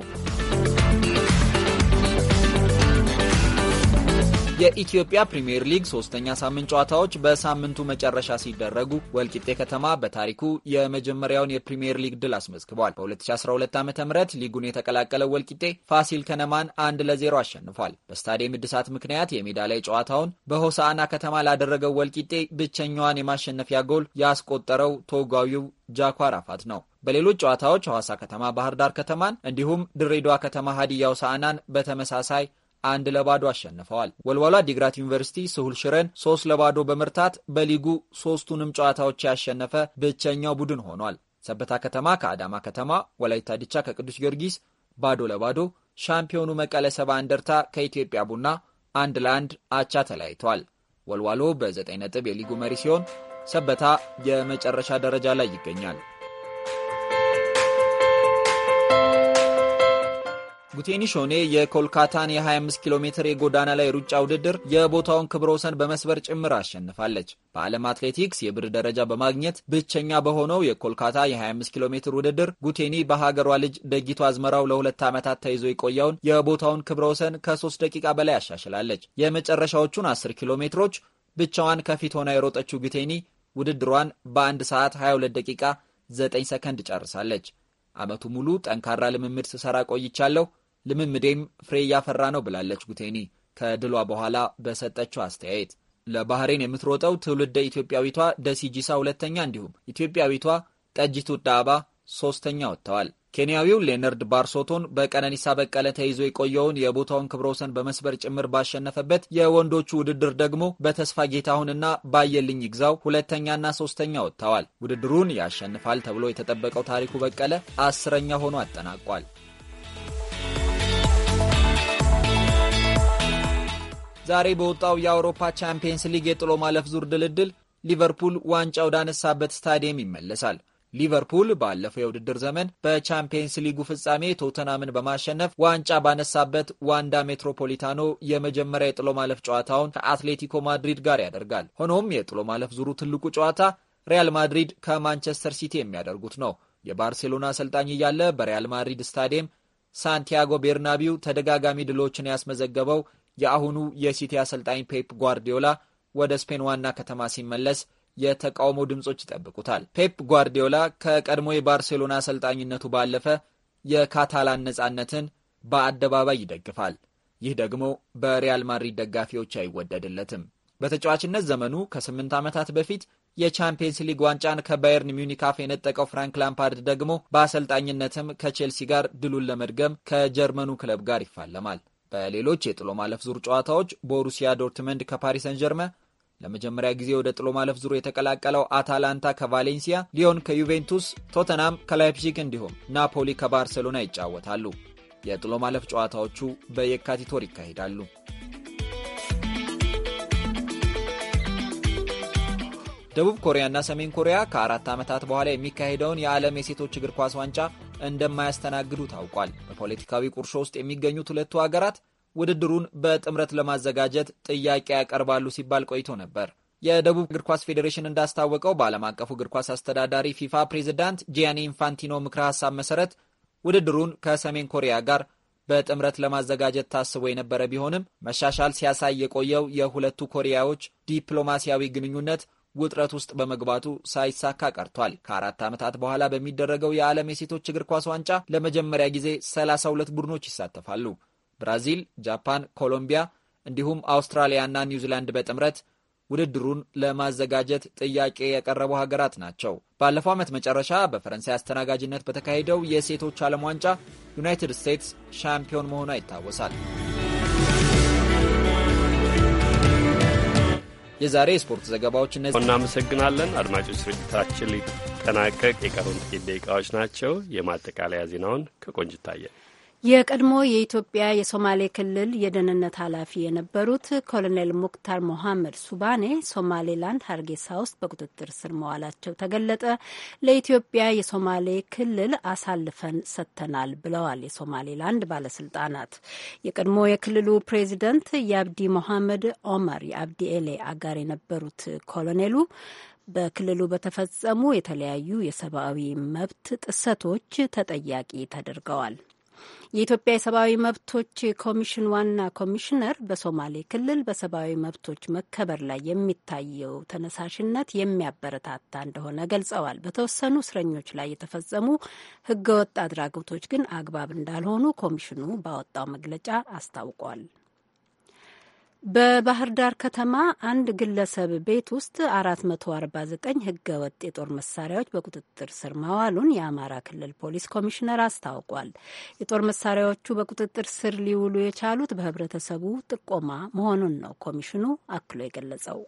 Speaker 19: የኢትዮጵያ ፕሪምየር ሊግ ሶስተኛ ሳምንት ጨዋታዎች በሳምንቱ መጨረሻ ሲደረጉ ወልቂጤ ከተማ በታሪኩ የመጀመሪያውን የፕሪምየር ሊግ ድል አስመዝግቧል። በ2012 ዓ ም ሊጉን የተቀላቀለው ወልቂጤ ፋሲል ከነማን አንድ ለዜሮ አሸንፏል። በስታዲየም እድሳት ምክንያት የሜዳ ላይ ጨዋታውን በሆሳአና ከተማ ላደረገው ወልቂጤ ብቸኛዋን የማሸነፊያ ጎል ያስቆጠረው ቶጓዊው ጃኮ አፋት ነው። በሌሎች ጨዋታዎች ሐዋሳ ከተማ ባህር ዳር ከተማን እንዲሁም ድሬዳዋ ከተማ ሀዲያ ሆሳዕናን በተመሳሳይ አንድ ለባዶ አሸንፈዋል። ወልዋሏ ዲግራት ዩኒቨርሲቲ ስሁል ሽረን ሶስት ለባዶ በመርታት በሊጉ ሶስቱንም ጨዋታዎች ያሸነፈ ብቸኛው ቡድን ሆኗል። ሰበታ ከተማ ከአዳማ ከተማ፣ ወላይታ ዲቻ ከቅዱስ ጊዮርጊስ ባዶ ለባዶ፣ ሻምፒዮኑ መቀለ ሰባ እንደርታ ከኢትዮጵያ ቡና አንድ ለአንድ አቻ ተለያይተዋል። ወልዋሎ በዘጠኝ ነጥብ የሊጉ መሪ ሲሆን ሰበታ የመጨረሻ ደረጃ ላይ ይገኛል። ጉቴኒ ሾኔ የኮልካታን የ25 ኪሎ ሜትር የጎዳና ላይ ሩጫ ውድድር የቦታውን ክብረ ወሰን በመስበር ጭምር አሸንፋለች። በዓለም አትሌቲክስ የብር ደረጃ በማግኘት ብቸኛ በሆነው የኮልካታ የ25 ኪሎ ሜትር ውድድር ጉቴኒ በሀገሯ ልጅ ደጊቱ አዝመራው ለሁለት ዓመታት ተይዞ የቆየውን የቦታውን ክብረ ወሰን ከሶስት ደቂቃ በላይ አሻሽላለች። የመጨረሻዎቹን 10 ኪሎ ሜትሮች ብቻዋን ከፊት ሆና የሮጠችው ጉቴኒ ውድድሯን በአንድ ሰዓት 22 ደቂቃ 9 ሰከንድ ጨርሳለች። ዓመቱ ሙሉ ጠንካራ ልምምድ ስሰራ ቆይቻለሁ ልምምዴም ፍሬ እያፈራ ነው ብላለች ጉቴኒ ከድሏ በኋላ በሰጠችው አስተያየት። ለባህሬን የምትሮጠው ትውልደ ኢትዮጵያዊቷ ደሲጂሳ ሁለተኛ፣ እንዲሁም ኢትዮጵያዊቷ ጠጂቱ ዳባ ሶስተኛ ወጥተዋል። ኬንያዊው ሌነርድ ባርሶቶን በቀነኒሳ በቀለ ተይዞ የቆየውን የቦታውን ክብረ ወሰን በመስበር ጭምር ባሸነፈበት የወንዶቹ ውድድር ደግሞ በተስፋ ጌታሁንና ባየልኝ ይግዛው ሁለተኛና ሶስተኛ ወጥተዋል። ውድድሩን ያሸንፋል ተብሎ የተጠበቀው ታሪኩ በቀለ አስረኛ ሆኖ አጠናቋል። ዛሬ በወጣው የአውሮፓ ቻምፒየንስ ሊግ የጥሎ ማለፍ ዙር ድልድል ሊቨርፑል ዋንጫ ወዳነሳበት ስታዲየም ይመለሳል። ሊቨርፑል ባለፈው የውድድር ዘመን በቻምፒየንስ ሊጉ ፍጻሜ ቶተናምን በማሸነፍ ዋንጫ ባነሳበት ዋንዳ ሜትሮፖሊታኖ የመጀመሪያ የጥሎ ማለፍ ጨዋታውን ከአትሌቲኮ ማድሪድ ጋር ያደርጋል። ሆኖም የጥሎ ማለፍ ዙሩ ትልቁ ጨዋታ ሪያል ማድሪድ ከማንቸስተር ሲቲ የሚያደርጉት ነው። የባርሴሎና አሰልጣኝ እያለ በሪያል ማድሪድ ስታዲየም ሳንቲያጎ ቤርናቢው ተደጋጋሚ ድሎችን ያስመዘገበው የአሁኑ የሲቲ አሰልጣኝ ፔፕ ጓርዲዮላ ወደ ስፔን ዋና ከተማ ሲመለስ የተቃውሞ ድምጾች ይጠብቁታል። ፔፕ ጓርዲዮላ ከቀድሞ የባርሴሎና አሰልጣኝነቱ ባለፈ የካታላን ነጻነትን በአደባባይ ይደግፋል። ይህ ደግሞ በሪያል ማድሪድ ደጋፊዎች አይወደድለትም። በተጫዋችነት ዘመኑ ከስምንት ዓመታት በፊት የቻምፒየንስ ሊግ ዋንጫን ከባየርን ሚዩኒክ አፍ የነጠቀው ፍራንክ ላምፓርድ ደግሞ በአሰልጣኝነትም ከቼልሲ ጋር ድሉን ለመድገም ከጀርመኑ ክለብ ጋር ይፋለማል። በሌሎች የጥሎ ማለፍ ዙር ጨዋታዎች ቦሩሲያ ዶርትመንድ ከፓሪስ ሰን ጀርመ፣ ለመጀመሪያ ጊዜ ወደ ጥሎ ማለፍ ዙር የተቀላቀለው አታላንታ ከቫሌንሲያ፣ ሊዮን ከዩቬንቱስ፣ ቶተናም ከላይፕዚግ እንዲሁም ናፖሊ ከባርሴሎና ይጫወታሉ። የጥሎ ማለፍ ጨዋታዎቹ በየካቲት ወር ይካሄዳሉ። ደቡብ ኮሪያና ሰሜን ኮሪያ ከአራት ዓመታት በኋላ የሚካሄደውን የዓለም የሴቶች እግር ኳስ ዋንጫ እንደማያስተናግዱ ታውቋል። በፖለቲካዊ ቁርሾ ውስጥ የሚገኙት ሁለቱ አገራት ውድድሩን በጥምረት ለማዘጋጀት ጥያቄ ያቀርባሉ ሲባል ቆይቶ ነበር። የደቡብ እግር ኳስ ፌዴሬሽን እንዳስታወቀው በዓለም አቀፉ እግር ኳስ አስተዳዳሪ ፊፋ ፕሬዚዳንት ጂያኒ ኢንፋንቲኖ ምክረ ሀሳብ መሰረት ውድድሩን ከሰሜን ኮሪያ ጋር በጥምረት ለማዘጋጀት ታስቦ የነበረ ቢሆንም መሻሻል ሲያሳይ የቆየው የሁለቱ ኮሪያዎች ዲፕሎማሲያዊ ግንኙነት ውጥረት ውስጥ በመግባቱ ሳይሳካ ቀርቷል። ከአራት ዓመታት በኋላ በሚደረገው የዓለም የሴቶች እግር ኳስ ዋንጫ ለመጀመሪያ ጊዜ 32 ቡድኖች ይሳተፋሉ። ብራዚል፣ ጃፓን፣ ኮሎምቢያ እንዲሁም አውስትራሊያና ኒውዚላንድ በጥምረት ውድድሩን ለማዘጋጀት ጥያቄ የቀረቡ ሀገራት ናቸው። ባለፈው ዓመት መጨረሻ በፈረንሳይ አስተናጋጅነት በተካሄደው የሴቶች ዓለም ዋንጫ ዩናይትድ ስቴትስ ሻምፒዮን መሆኗ ይታወሳል። የዛሬ የስፖርት ዘገባዎች
Speaker 1: እነዚህ። እናመሰግናለን አድማጮች። ስርጭታችን ሊጠናቀቅ የቀሩን ጥቂት ደቂቃዎች ናቸው። የማጠቃለያ ዜናውን ከቆንጅታየን
Speaker 3: የቀድሞ የኢትዮጵያ የሶማሌ ክልል የደህንነት ኃላፊ የነበሩት ኮሎኔል ሙክታር ሞሐመድ ሱባኔ ሶማሌላንድ ሀርጌሳ ውስጥ በቁጥጥር ስር መዋላቸው ተገለጠ። ለኢትዮጵያ የሶማሌ ክልል አሳልፈን ሰጥተናል ብለዋል የሶማሌላንድ ባለስልጣናት። የቀድሞ የክልሉ ፕሬዚደንት የአብዲ ሞሐመድ ኦመር የአብዲ ኤሌ አጋር የነበሩት ኮሎኔሉ በክልሉ በተፈጸሙ የተለያዩ የሰብአዊ መብት ጥሰቶች ተጠያቂ ተደርገዋል። የኢትዮጵያ የሰብአዊ መብቶች ኮሚሽን ዋና ኮሚሽነር በሶማሌ ክልል በሰብአዊ መብቶች መከበር ላይ የሚታየው ተነሳሽነት የሚያበረታታ እንደሆነ ገልጸዋል። በተወሰኑ እስረኞች ላይ የተፈጸሙ ህገወጥ አድራጎቶች ግን አግባብ እንዳልሆኑ ኮሚሽኑ ባወጣው መግለጫ አስታውቋል። በባህር ዳር ከተማ አንድ ግለሰብ ቤት ውስጥ 449 ህገወጥ የጦር መሳሪያዎች በቁጥጥር ስር ማዋሉን የአማራ ክልል ፖሊስ ኮሚሽነር አስታውቋል። የጦር መሳሪያዎቹ በቁጥጥር ስር ሊውሉ የቻሉት በህብረተሰቡ ጥቆማ መሆኑን ነው ኮሚሽኑ አክሎ የገለጸው።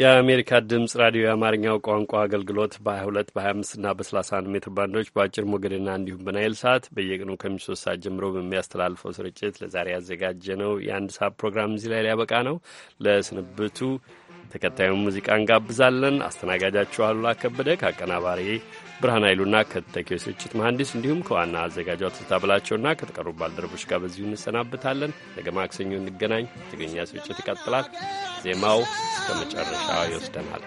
Speaker 1: የአሜሪካ ድምጽ ራዲዮ የአማርኛው ቋንቋ አገልግሎት በ22 በ25 እና በ31 ሜትር ባንዶች በአጭር ሞገድና እንዲሁም በናይል ሰዓት በየቀኑ ከምሽቱ ሶስት ሰዓት ጀምሮ በሚያስተላልፈው ስርጭት ለዛሬ ያዘጋጀ ነው የአንድ ሰዓት ፕሮግራም እዚህ ላይ ሊያበቃ ነው። ለስንብቱ ተከታዩን ሙዚቃ እንጋብዛለን። አስተናጋጃችሁ አሉላ ከበደ ከአቀናባሪ ብርሃን ኃይሉና ከተኪዮ ስርጭት መሐንዲስ እንዲሁም ከዋና አዘጋጇ ትዝታ ብላቸውና ከተቀሩ ባልደረቦች ጋር በዚሁ እንሰናብታለን። ነገ ማክሰኞ እንገናኝ። ትግርኛ ስርጭት ይቀጥላል። ዜማው እስከ መጨረሻ ይወስደናል።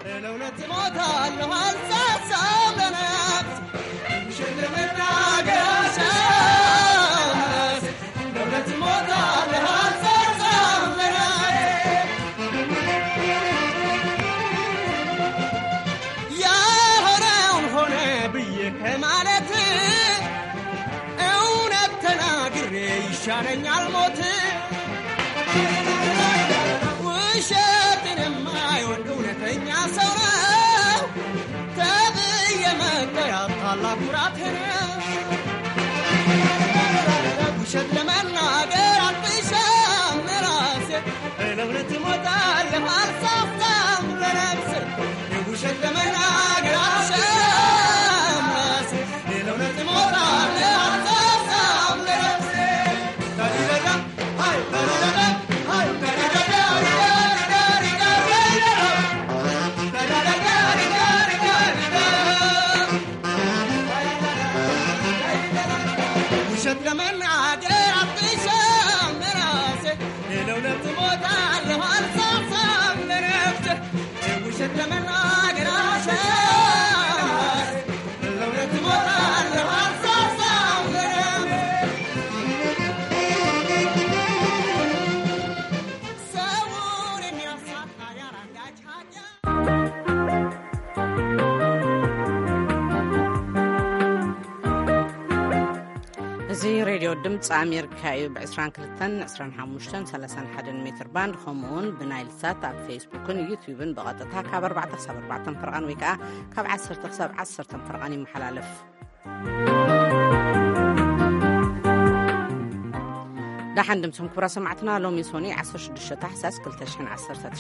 Speaker 19: ሽልምና ገሰ
Speaker 6: ارشد لمنادر الطيشه براسي
Speaker 17: لو نتموت
Speaker 19: القمر صفصه
Speaker 9: ድምፂ ኣሜሪካ እዩ ብ22 31 ሜትር ባንድ ከምኡውን ብናይልሳት ኣብ ፌስቡክን ዩትብን ብቐጥታ ካብ 4 ክሳብ 4 ፍርቓን ወይ ከዓ ካብ 1 ክሳብ 1 ፍርቓን ይመሓላለፍ ዳሓን ድምፂም ክብራ ሰማዕትና ሎሚ ሶኒ 16 ታሕሳስ 219